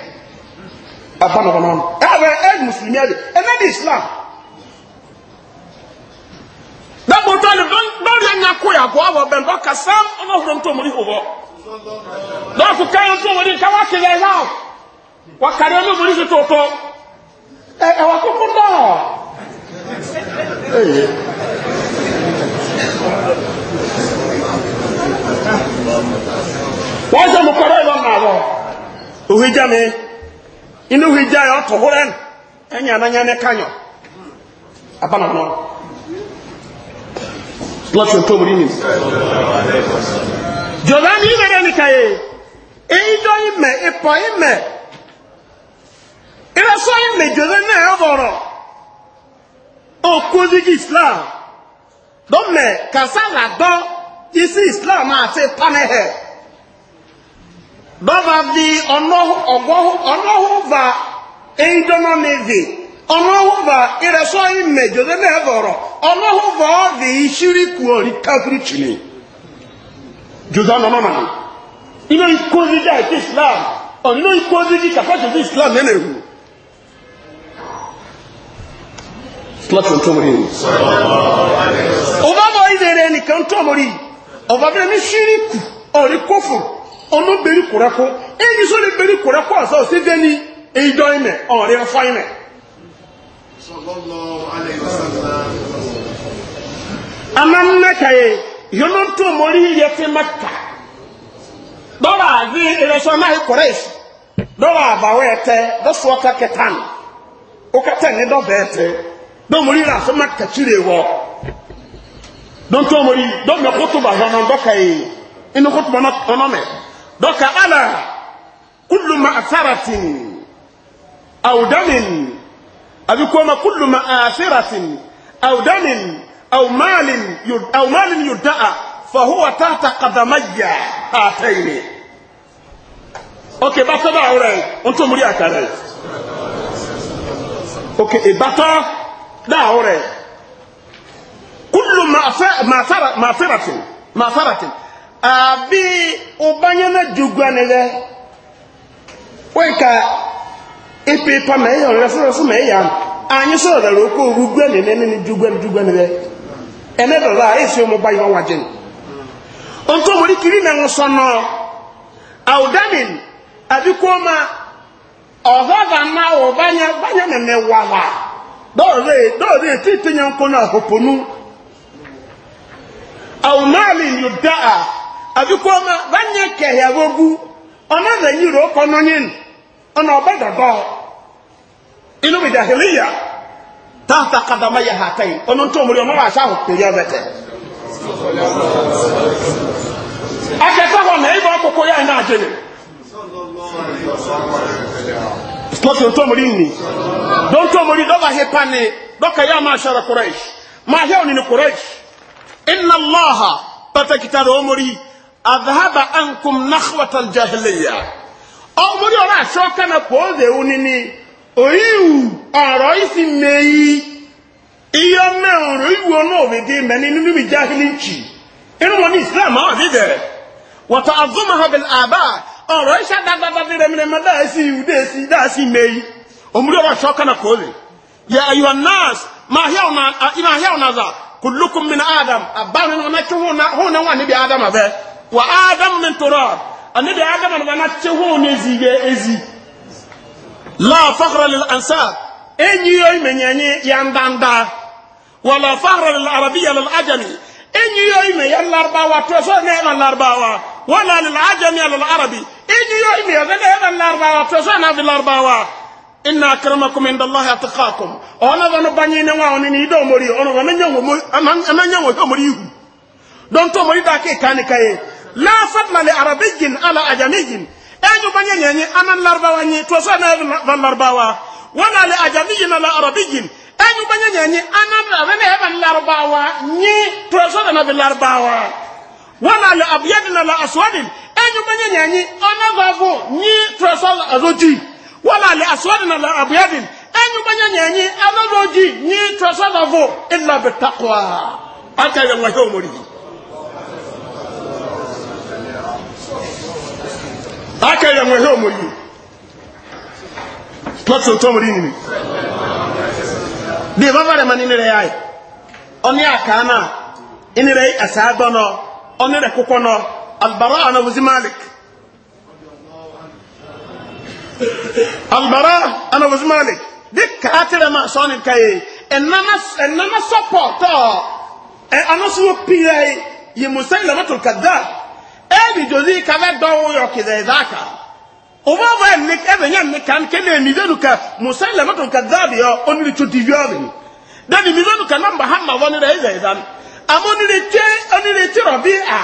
abana wọn ọnụ ẹwẹ ẹ musulmi ẹdị ẹnẹ dị islam dọkpụ tọ ni dọrị anya kụ ya gụọ wọ bẹn dọka sam ọnụ ọhụrụ ntọ mụrụ hụ họ dọkụ kanyọ ntọ mụrụ nke wa kele ya ọ wa karịa ọnụ mụrụ ihe tọtọ ẹ ẹ wa kụkụ dọọ wọ́n ṣe mú kọ́rọ́ ìlọ́nà àwọ̀ òhìjá mi inú hijá yọ ọtọ hórẹ́n ẹ̀yìn anáyà ní kányọ̀ abánàmọ́ láti ọ̀tọ́ orí ni jọba ní ìbẹ̀rẹ̀ nìkàyè ìjọ ìmẹ̀ ìpọ̀ ìmẹ̀ ìrẹsọ ìmẹ̀ jọba náà ẹ̀ bọ̀rọ̀ òkúzigi islam dọ́mẹ̀ kàsàlà dọ́ isi islam àti panẹ́hẹ̀ẹ́ baba bi ọnọhụba indononevi ọnọhụba ịresọ ime jose na-evọrọ ọnọhụba ọ dị isiri kwuori kafrichini jose nọ na ino ikozi dị islam ọnụ ikozi dị ka pati islam ya ọba bụ nìkan ọba bẹrẹ ọrí ọmọ bẹ̀rẹ̀ kúrẹ́ fún sole sọ lè bẹ̀rẹ̀ kúrẹ́ fún àṣà òsì bẹ́ẹ̀ ni ìjọ ìmẹ̀ ọ̀rẹ́ ọ̀fọ́ ìmẹ̀. anamnaka yẹ yọmọ tó mọrí yẹ fi mẹta dọ́wọ́ àbí ìrẹsọ náà kúrẹ́ yìí dọ́wọ́ àbáwọ̀ ẹ̀ tẹ dọ́sọ̀ ọ̀ka kẹta nù ọ̀ka tẹ̀ ní dọ́bẹ̀ ẹ̀ tẹ دوك على كل مأثرة أو دم أبيكم كل مآثرة أو دم أو مال أو مال يدعى فهو تحت قدمي هاتين أوكي بس بقى أوري أنتم مريا كاري أوكي إبتا دا أوري كل مأثرة مأثرة مأثرة abi ụbanye na dugwa nere weka ipe ipa ma eyan refu refu ma anyị sọrọ dara okwu oru gwe nere nene dugwa dugwa nere emebara esi ụmụ gbayi ọnwa jin nwere ikiri na nwụsọ nọ audamin adịkwuo ma ọzọza ụbanye wala na yudaa abikoma banye kɛhɛ abogu ɔna na yi ro kɔnɔ nyin ɔna ɔbɛ dɔdɔ inu bi jahiliya tata kadama ya hata yi ɔno ntɔ omori ɔno w'asa aho peri ɔbɛtɛ akɛtɛ hɔ na ebi ɔkoko ya ina agyere sɔtɔ ntɔ omori nni dɔ ntɔ omori dɔba hepa ne dɔka ya ma ahyɛrɛ korɛsh ma ahyɛ oni ne korɛsh inna allaha pɛtɛ kitare omori. adhaba ankum nakhwata aljahiliya ọmọdé ọ̀rọ̀ àṣọ́ká na pọ̀ọ́dẹ̀ òní ni òyìnwó ọ̀rọ̀ ìsì mẹ́yì iye mẹ́ọ̀rọ̀ ìwò náà òbèdè mẹ́ni nínú mi jáhìlì kì inú wọn ní islam àwọn àbí bẹ̀rẹ̀ wọ́tọ̀ azọ́mọ habil àbá ọ̀rọ̀ iṣẹ́ dáadáa rẹ̀mẹrẹmẹ dáàsì ìwúdẹ̀ sí na wa adam min turab de adam ma na chewo ne zige ezi la fakhra lil ansab enyi yoy menyenye yandanda wala fakhra lil arabiyya lil ajami enyi yoy me yan larbawa to so ne yan larbawa wala lil ajami lil arabi enyi yoy me yan yan larbawa to so na bil larbawa inna akramakum inda allah atqakum ona banu banyine wa oni ni do mori ona banu nyango amanyango do mori hu don to mori da ke kanikaye la fadla li arabiyyin ala ajamiyyin enyu banyenye nyi anan larbawa nyi to so na ban larbawa wala li ajamiyyin ala arabiyyin enyu banyenye nyi anan rene ban larbawa nyi to so na ban larbawa wala li abyadin ala aswadin enyu banyenye nyi onavavu nyi to so azoti wala li aswadin ala abyadin enyu banyenye nyi anavoji nyi to so na vo illa bitaqwa aka yanwa homori ẹ̀rẹ̀ wọn ẹ̀hẹ́ òmòyí lọ́tún tó mọ̀rí nìmi bí ìbá bàrẹ̀ ma ní nírẹ̀ yáì ọ́ní àkàánà ìnírẹ̀ àṣàádọ́ nọ ọ́ní rẹ̀ kókó nọ albara ana wùzí malik albara ana wùzí malik bí kàátìrẹ̀ máa sọ ní kàyé ẹ̀nàmà sọ́pọ̀ tọ́ ẹ̀ anásùwò pìyà yìí musa ìlànà tó kàdá ẹ̀ bìjọ́ sí kàfẹ́ dọ́wọ́ yọ̀ kìdẹ̀ ìdáka oba ba ne ebe nya ne kan ke ne mi zenu ka musalla matun kadhabi yo oniri chuti yobi dani mi zenu ka namba hamma woni da iza iza amoni le che oniri che robi a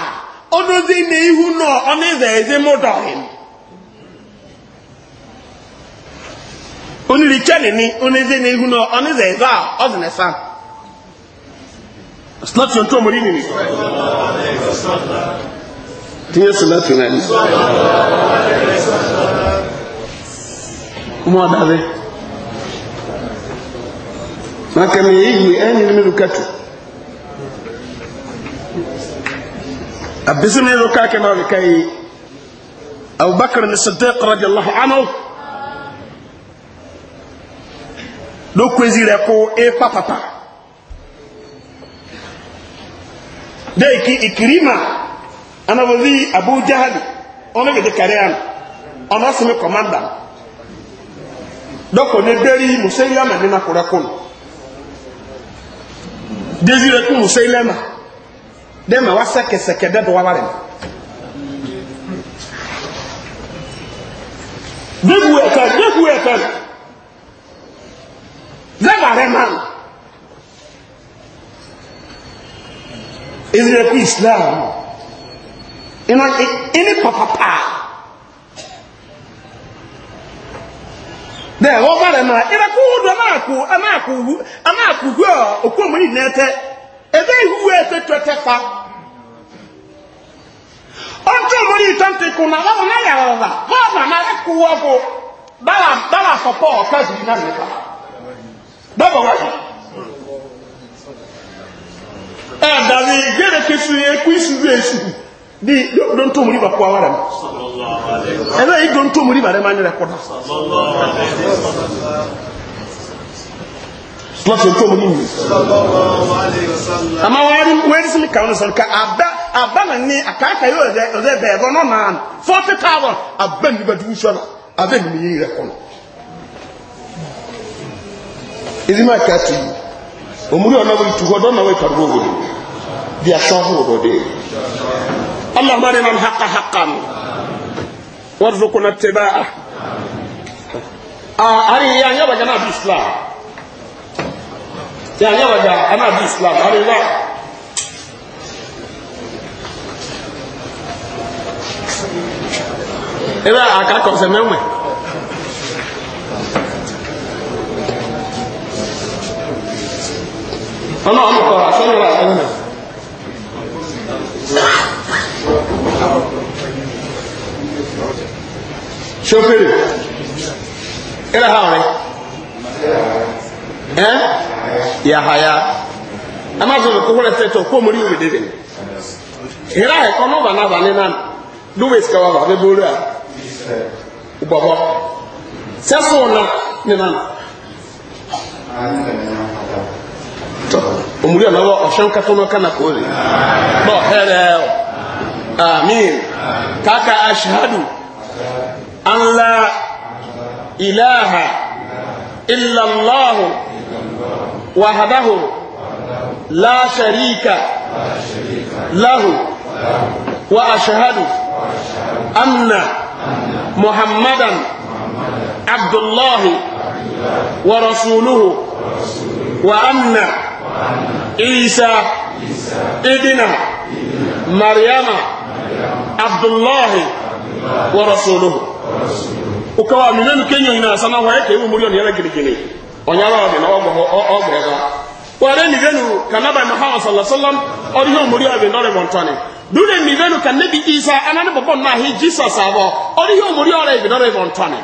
onozi ne ihu no oni iza iza mu dohin oniri che ne ni onezi ne ihu no oni iza iza odine sam Slatu ntu omori ni ni. Tinye salatu na ni mọ́ dáadé maka mi yìí ẹni nínú kẹtù àbísí nínú káàkiri náà nìkan yìí abubakar ní sadiq radiyallahu anhu ló kwezi rẹ kó e pàpàpà dẹ́yìí kí ìkìrìmà anabodi abu jahali ọ̀nà gidi kàrí àná ọ̀nà sinmi kọ̀mándà. dɔkɔ ne bɛri musailama ne na kɔrɛ na. desire kun musailama dɛ ma wasa kɛsɛkɛ dɛ dɔgɔ wari debu ɛtɛn debu ɛtɛn zɛba rɛ man ezire kun islam ina ini papapa. Pa. dɛ wɔfare no a yɛbɛko hu a okuom yi nɛɛtɛ ɛdɛ ihu ɛsɛ tɛtɛ fa ɔntɛ mo yi tɔnte ku na wɔn na ɔba bɔɔla na ɛko wɔbo bala bala sɔpɔ ɔka ziri na nipa dɔbɔ wɔyɛ ɛdabi kesu isu di don to muri ba kwa wara mi ebe yi don to muri ba re ma ni re kodo lọ mú àmà wọ́n wẹ́rí sí kàwọn sọ̀rọ̀ àbá nà ní àkàkà yóò ọ̀dẹ ọ̀dẹ bẹ̀rẹ̀ náà fọ́tí táwọn àbẹ́ mi bá dúró sọ́nà àbẹ́ mi yìí rẹ̀ kọ́nà. ìdí máa kà sí òmùrí ọ̀nà wọ́n ti wọ́n dọ́nà wọ́n ti اللهم ارنا الحق حقا وارزقنا اتباعه ari ya nyaba gana bi islam ya nyaba ga ana bi islam ari wa ebe aka ko se menwe ana amko asana wa ana sofere ira ha ore eh ya haya amazo ko hore seto ko muri ubi dede ira he ko no bana bana nan do we ska wa ba bolu a ubobo seso na ne nan to omuri na wa oshan ka to no kana ko ri آمين كاكا أشهد أن لا إله إلا الله وحده لا شريك له وأشهد أن محمدا عبد الله ورسوله وأن عيسى ابن مريم عبد الله ورسوله وكوا من كنيو هنا سنا وهيك يوم مليون يلا onyara ọdị na ọgbọ ọgbọ were nivenu ka naba muhammad sallallahu alaihi wasallam ọdị ihe ka nnebi isa ananị bọbọ na abụọ ihe omori ọrịa ebi nọrị mọntọnị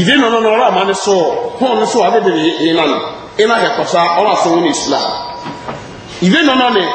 ìdí nínú ní ọ̀rọ̀ àmàlẹ́ islam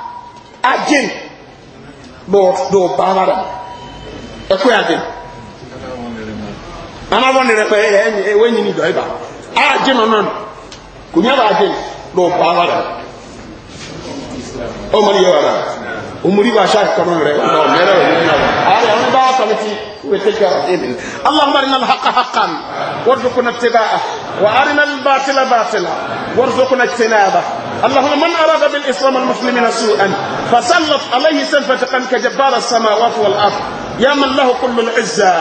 agyin do do baana dɛ ɛkò yɛ agyin nana bɔ ne yɛrɛ pɛ ɛ ɛ wɛnyini dɔ ɛba agyin nɔnɔ kò nyɛ bɛ agyin do baana dɛ ɔmɔ ni yɛ wà dɛ omori wa sa kɔnɔ rɛ ɔ mɛrɛ wɛ ni yɛ wà ayi ɔn b'a sɔrɔ ah, ti. وحجاب الإبل اللهم أرنا الحق حقا وارزقنا اتباعه وأرنا الباطل باطلا وارزقنا اجتنابه اللهم من أراد بالإسلام المسلمين سوءا فسلط عليه سلفتقا كجبار السماوات والأرض يا من له كل العزة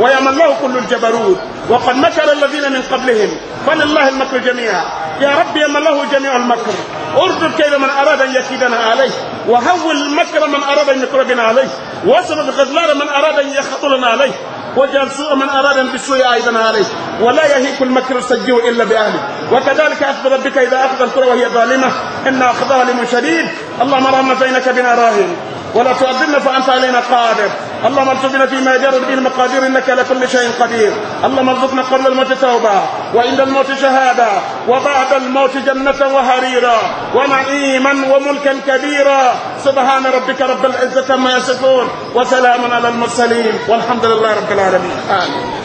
ويا من له كل الجبروت وقد مكر الذين من قبلهم فلله المكر جميعا يا رب يا من له جميع المكر ارجو كيد من أراد أن يكيدنا عليه وهول مكر من أراد أن يقربنا عليه وسبب خذلان من أراد أن يخطلنا عليه وجعل سوء من أراد بالسوء أيضا عليه ولا يهيك المكر السجيء إلا بأهله وكذلك أخذ ربك إذا أخذ القرى وهي ظالمة إن أخذها لمن شديد اللهم ارحمنا فإنك بنا راهن ولا تؤذلنا فأنت علينا قادر اللهم ارزقنا فيما يجر به المقادير انك على كل شيء قدير اللهم ارزقنا قبل الموت توبه وعند الموت شهاده وبعد الموت جنه وهريرا ونعيما وملكا كبيرا سبحان ربك رب العزه ما يصفون وسلام على المرسلين والحمد لله رب العالمين árabe. Ah,